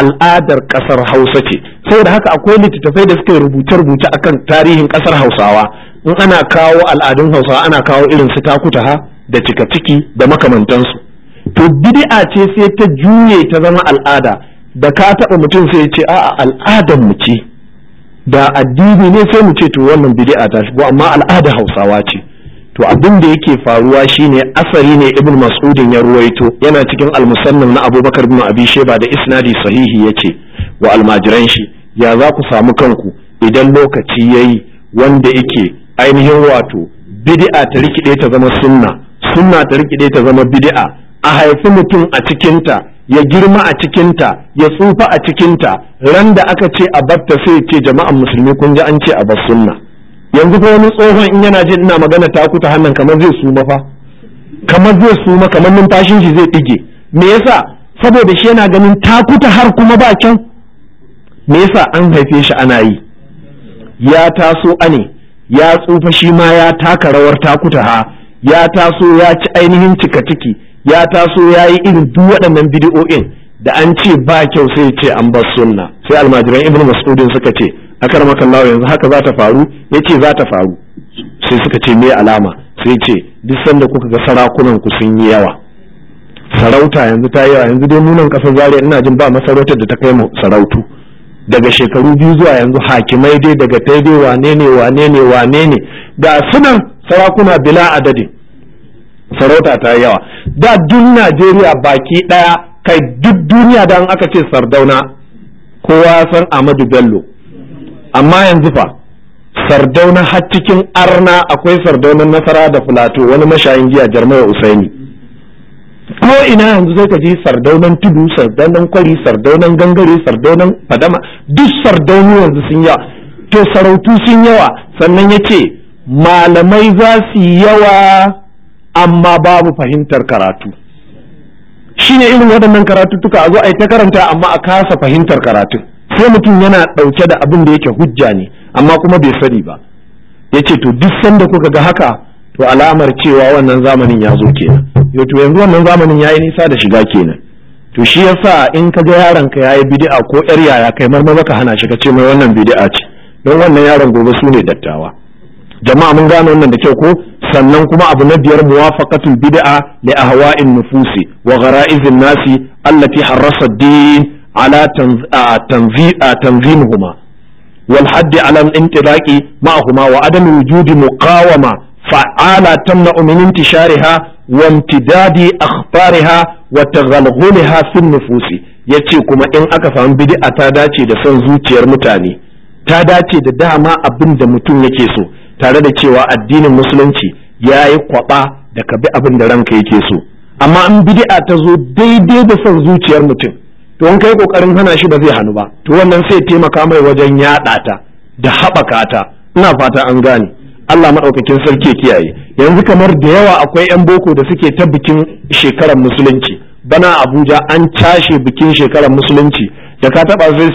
al'adar kasar hausa ce saboda haka akwai littattafai da suke rubuce-rubuce akan tarihin kasar hausawa in ana kawo al'adun hausawa ana kawo irin su takuta ha da cika ciki da makamantansu to bid'a ce sai ta juye ta zama al'ada da ka taɓa mutum sai ya ce a'a al'adar mu ce da addini ne sai mu ce to wannan bid'a ta shigo amma al'ada hausawa ce to abin da yake faruwa shine asari ne ibn mas'udin ya ruwaito yana cikin al-musannaf na abubakar bin abi sheba da isnadi sahihi yace wa almajiran shi ya za ku samu kanku idan lokaci yayi wanda yake ainihin wato bid'a ta rikide ta zama sunna sunna ta rikide ta zama bid'a a haifi mutum a cikinta ya girma a cikinta ya tsufa a cikinta ran da aka ce a batta sai ce jama'an musulmi kun ji an ce a bar sunna yanzu ko wani tsohon in yana jin ina magana ta kuta hannun kamar zai suma fa kamar zai suma kamar numfashin shi zai dige me yasa saboda shi yana ganin takuta har kuma ba kyau, me yasa an haife shi ana yi ya taso ane ya tsufa shi ma ya taka rawar takuta ha ya taso ya ci ainihin cika ciki ya taso ya yi irin duk waɗannan bidiyo'in da an ce ba kyau sai ce an bar sunna sai almajiran ibnu mas'udin suka ce akar makallawa yanzu haka za ta faru ya za ta faru sai suka ce me alama sai ce duk sanda kuka ga sarakunan ku sun yi yawa sarauta yanzu ta yawa yanzu dai nunan kasar zaria ina jin ba masarautar da ta kai mu sarautu daga shekaru biyu zuwa yanzu hakimai dai daga taidai wane ne wane ne wane ne ga sunan sarakuna bila adadin sarauta ta yawa da duk najeriya baki ɗaya kai duk duniya da aka ce sardauna kowa ya san amadu bello amma yanzu fa sardauna har cikin arna akwai sardauna nasara da filato wani mashayin giya jarmaya usaini ko ina yanzu zai ka ji sardaunan tudu sardaunan kwari sardaunan gangare sardaunan fadama duk sardaunu yanzu sun yawa to sarautu sun yawa sannan ya ce malamai za su yawa amma babu fahimtar karatu Shi ne irin waɗannan karatuttuka a zo a yi ta karanta amma a kasa fahimtar karatu sai mutum yana ɗauke da abin da yake hujja ne amma kuma bai sani ba ya ce to duk sanda kuka ga haka to alamar cewa wannan zamanin ya zo kenan yau to yanzu wannan zamanin ya yi nisa da shiga kenan to shi yasa in ka ga yaron ka yi bidi'a ko yar yaya kai marmar ka hana shi ka ce mai wannan bidi'a ce don wannan yaron gobe su ne dattawa jama'a mun gane wannan da kyau ko sannan kuma abu na biyar muwafaqatul bid'a li ahwa'in nufusi wa ghara'izin nasi allati harrasa ad-din ala tanzimuhuma wal haddi ala intiraqi ma'ahuma wa adam wujudi muqawama fa'ala tamna'u min intishariha wa imtidadi akhbariha wa taghalghulha fi nufusi yace kuma in aka samu bid'a ta dace da son zuciyar mutane ta dace da dama abin da mutum yake so tare da cewa addinin musulunci ya yi kwaba da ka bi abin da ranka yake so amma in bid'a ta zo daidai da son zuciyar mutum to in kai kokarin hana shi ba zai hannu ba to wannan sai taimaka mai wajen yaɗa ta da haɓaka ta ina fata an gane Allah maɗaukakin sarki kiyaye yanzu kamar da yawa akwai 'yan boko da suke ta bikin shekarar musulunci bana Abuja an cashe bikin shekarar musulunci da ka taɓa zai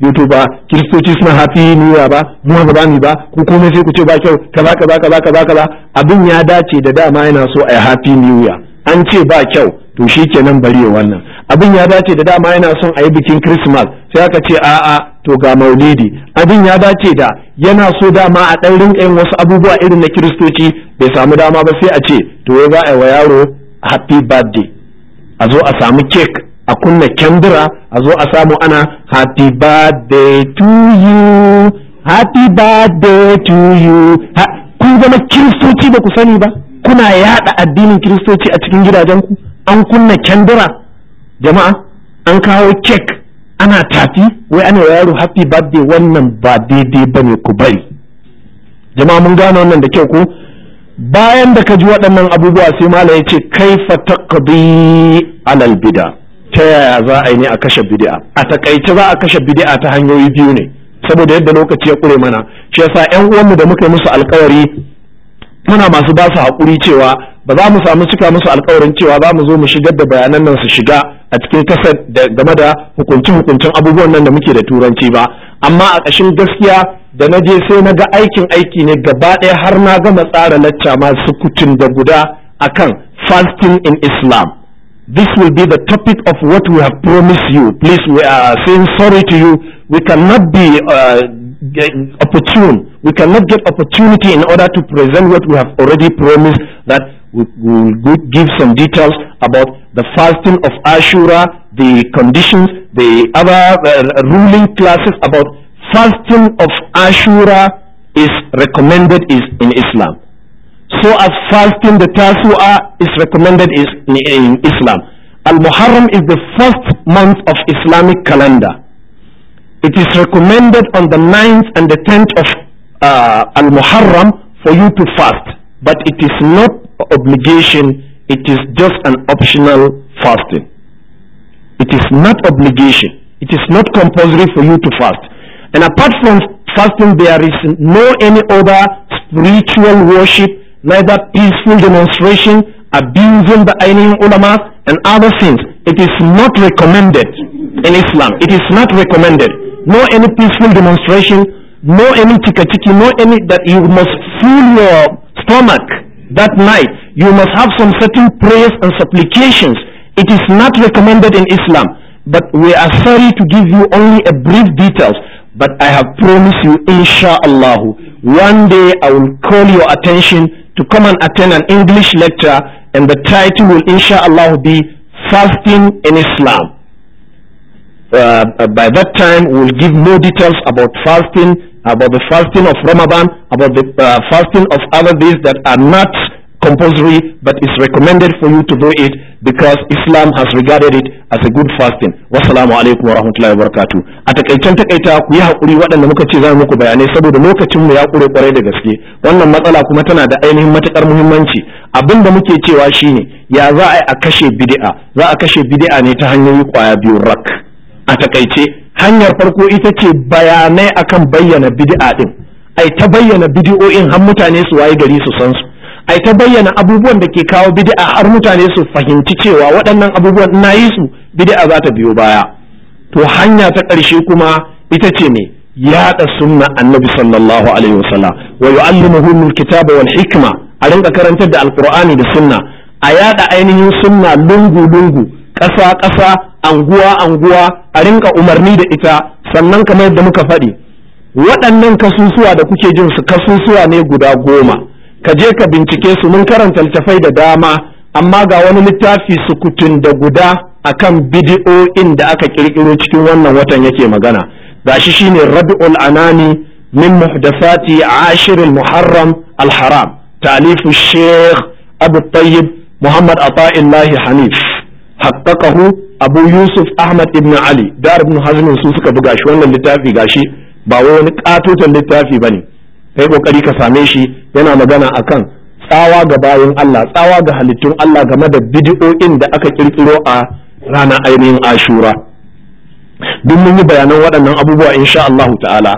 yoto ba kiristoci suna hafi nuna ba mu ba mu ba ku komai sai ku ce ba kyau ba ka ba ka ba abin ya dace da dama yana so a hafi nuna an ce ba kyau to shi nan bari wannan abin ya dace da dama yana son a yi bikin kirismas sai aka ce a'a to ga maulidi abin ya dace da yana so dama a ɗan rinka yin wasu abubuwa irin na kiristoci bai samu dama ba sai a ce to ya za a yi wa yaro happy birthday a zo a samu cake a kunna kyandira a zo a samu ana happy birthday to you happy birthday to you kun zama kiristoci ba ku sani ba kuna yada addinin kiristoci a cikin gidajenku an kunna kyandira jama'a an kawo kek ana tafi wai ana yaro happy birthday wannan ba daidai ba ne ku bari jama'a mun gane wannan da kyau ku. bayan da ka ji waɗannan abubuwa sai malam ya ce kaifa taqdi alal bid'a ta yaya za a yi ne a kashe bidi'a a takaice za a kashe bidi'a ta hanyoyi biyu ne saboda yadda lokaci ya kure mana shi yasa ƴan uwanmu da muka yi musu alkawari muna masu ba su haƙuri cewa ba za mu samu cika musu alkawarin cewa za mu zo mu shigar da bayanan nan su shiga a cikin kasar game da hukuncin hukuncin abubuwan nan da muke da turanci ba amma a ƙashin gaskiya da na je sai na ga aikin aiki ne gaba ɗaya har na gama tsara lacca masu kutun da guda akan fasting in islam this will be the topic of what we have promised you. Please, we are saying sorry to you. We cannot be uh, opportune. We cannot get opportunity in order to present what we have already promised that we will give some details about the fasting of Ashura, the conditions, the other uh, ruling classes about fasting of Ashura is recommended is in Islam so as fasting the Tasu'a is recommended in Islam. Al-Muharram is the first month of Islamic calendar. It is recommended on the 9th and the 10th of uh, Al-Muharram for you to fast. But it is not obligation, it is just an optional fasting. It is not obligation. It is not compulsory for you to fast. And apart from fasting, there is no any other spiritual worship neither peaceful demonstration, abusing the ainihin ulama, and other things. It is not recommended in Islam. It is not recommended. No any peaceful demonstration, no any tikatiki, no any that you must fill your stomach that night. You must have some certain prayers and supplications. It is not recommended in Islam. But we are sorry to give you only a brief details. But I have promised you, insha'Allah, one day I will call your attention to come and attend an English lecture, and the title will, insha'Allah, be Fasting in Islam. Uh, by that time, we'll give more details about fasting, about the fasting of Ramadan, about the uh, fasting of other days that are not compulsory, but it's recommended for you to do it because Islam has regarded it as a good fasting. Wassalamu alaikum wa rahmatullahi wa barakatuh. A takaicen takaita ku yi hakuri waɗanda muka ce za muku bayanai saboda lokacin mu ya ƙure ƙwarai da gaske. Wannan matsala kuma tana da ainihin matuƙar muhimmanci. Abin da muke cewa shine ya za a yi a kashe bid'a? Za a kashe bid'a ne ta hanyoyi kwaya biyu rak. A takaice hanyar farko ita ce bayanai akan bayyana bid'a din. Ai ta bayyana bid'o'in har mutane su waye gari su san su. A ta bayyana abubuwan da ke kawo bid'a har mutane su fahimci cewa waɗannan abubuwan na yi su bid'a za ta biyo baya to hanya ta ƙarshe kuma ita ce me yaɗa sunna annabi sallallahu alaihi wasallam wa yu'allimuhum alkitaba wal hikma a rinka karantar da alqur'ani da sunna a yaɗa ainihin sunna lungu lungu ƙasa ƙasa anguwa anguwa a rinka umarni da ita sannan kamar yadda muka faɗi waɗannan kasusuwa da kuke jin su kasusuwa ne guda goma ka je ka bincike su mun karanta littafai da dama amma ga wani littafi sukutun da guda akan bidi'o'in da aka kirkiro cikin wannan watan yake magana gashi shine rabi'ul anani min muhdathati ashirin muharram alharam talifu sheikh abu tayyib muhammad ata'illahi hanif haqqaqahu abu yusuf ahmad ibn ali dar ibn hazm su suka buga shi wannan littafi gashi ba wani katotan littafi bane kai kokari ka same shi yana magana akan tsawa ga bayan Allah tsawa ga halittun Allah game da bid'o'in da aka kirkiro a rana ainihin Ashura duk mun yi bayanan waɗannan abubuwa insha Allahu ta'ala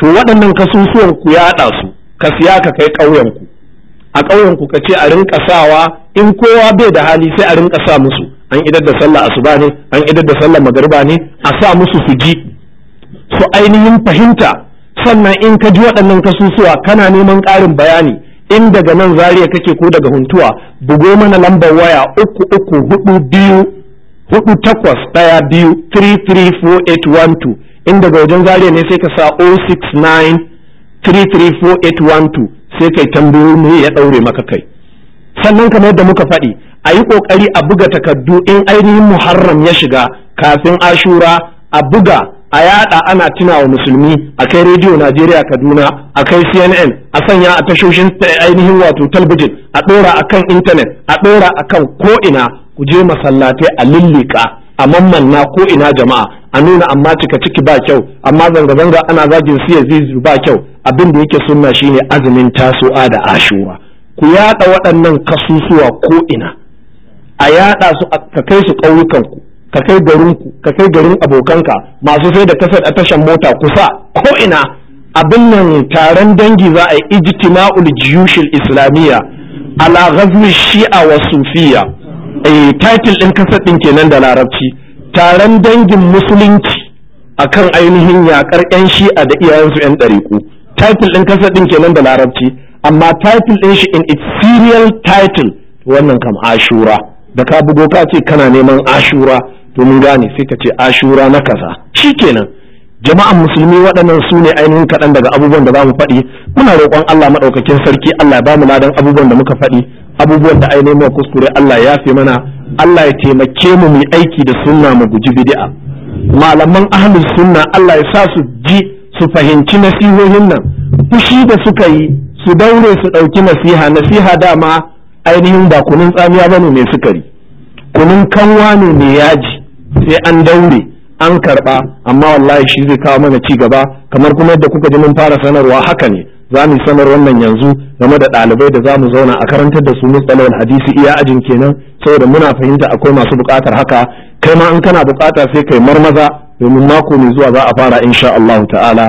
to waɗannan kasusuwan ku yaɗa su ka siya ka kai ƙauyen ku a ƙauyen ku ka ce a rinka sawa in kowa bai da hali sai a rinka sa musu an idar da sallah asuba ne an idar da sallah magariba ne a sa musu su ji su ainihin fahimta sannan in ka ji waɗannan kasusuwa kana neman ƙarin bayani in daga nan zariya kake ko daga huntuwa bugo mana lambar waya uku uku hudu biyu hudu takwas ɗaya biyu two in daga wajen zariya ne sai ka sa oh six nine one two sai kai tambayoyi ne ya ɗaure maka kai sannan kamar yadda muka faɗi a yi ƙoƙari a buga takardu in ainihin muharram ya shiga kafin ashura a buga a yaɗa ana tuna wa musulmi a kai rediyo najeriya kaduna a kai cnn a sanya a tashoshin ainihin wato talbijin a ɗora a kan intanet a ɗora a kan ko'ina ku je masallatai a lullika a mamman mammanna ko'ina jama'a a nuna amma cika ciki ba kyau amma zanga-zanga ana zagin siya zizu ba kyau abin da yake sunna shine azumin tasu'a da ashura ku yaɗa waɗannan kasusuwa ko'ina a yaɗa su a kai su ƙauyukan ku. ka kai garin abokanka masu sai da kasar tashan mota kusa ko ina abin nan taron dangi za a yi ijtima'ul jiyushil islamiyya ala ghazmi shi'a wa sufiya eh title din kasar din kenan da larabci taron dangin musulunci akan ainihin yakar yan shi'a da iyayensu yan ɗariku title din kasar din kenan da larabci amma title din shi in its serial title wannan kam ashura da ka bugo ka ce kana neman ashura to mun gane sai ka ce ashura na kaza shikenan jama'an musulmi waɗannan su ne ainihin kaɗan daga abubuwan da za mu faɗi muna roƙon Allah maɗaukakin sarki Allah ba mu ladan abubuwan da muka faɗi abubuwan da ainihin muka kuskure Allah ya fi mana Allah ya taimake mu mu aiki da sunna mu guji bid'a malaman ahlus sunna Allah ya sa su ji su fahimci nasihohin nan fushi da suka yi su daure su ɗauki nasiha nasiha dama ainihin ba kunun tsamiya bane mai sukari kunun kanwa ne mai yaji sai an daure an karba amma wallahi shi zai kawo mana ci gaba kamar kuma yadda kuka ji mun fara sanarwa haka ne za mu sanar wannan yanzu game da ɗalibai da za mu zauna a karantar da su mustalawal hadisi iya ajin kenan saboda muna fahimta akwai masu buƙatar haka kai ma in kana bukata sai kai marmaza domin mako mai zuwa za a fara insha Allah ta'ala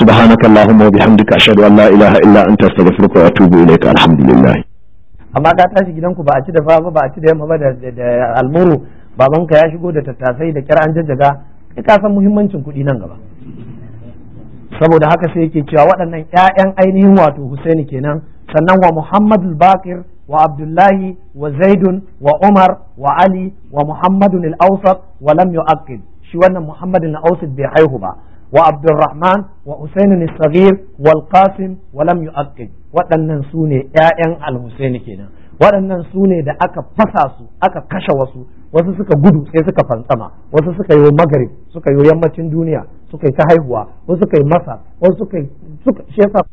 subhanaka allahumma wa bihamdika ashhadu an la ilaha illa anta astaghfiruka wa atubu ilayka amma ka tashi gidanku ba a ci da fa ba a ci da yamma ba da almuru babanka ya shigo da tattasai da kira an jajjaga kai ka san muhimmancin kuɗi nan gaba saboda haka sai yake cewa waɗannan ƴaƴan ainihin wato Husaini kenan sannan wa Muhammad bakir wa Abdullahi wa Zaidun wa Umar wa Ali wa Muhammadun al-Awsat wa lam yu'aqqid shi wannan Muhammadun al-Awsat bai haihu ba wa Abdurrahman wa Husainun al-Saghir wal Qasim wa lam yu'aqqid waɗannan sune ne ƴaƴan al-Husaini kenan waɗannan sune da aka fasa su aka kashe wasu wasu suka gudu sai suka fantsama wasu suka yi magarib suka yi yammacin duniya suka yi ta haihuwa wasu suka yi masa wasu suka yi shi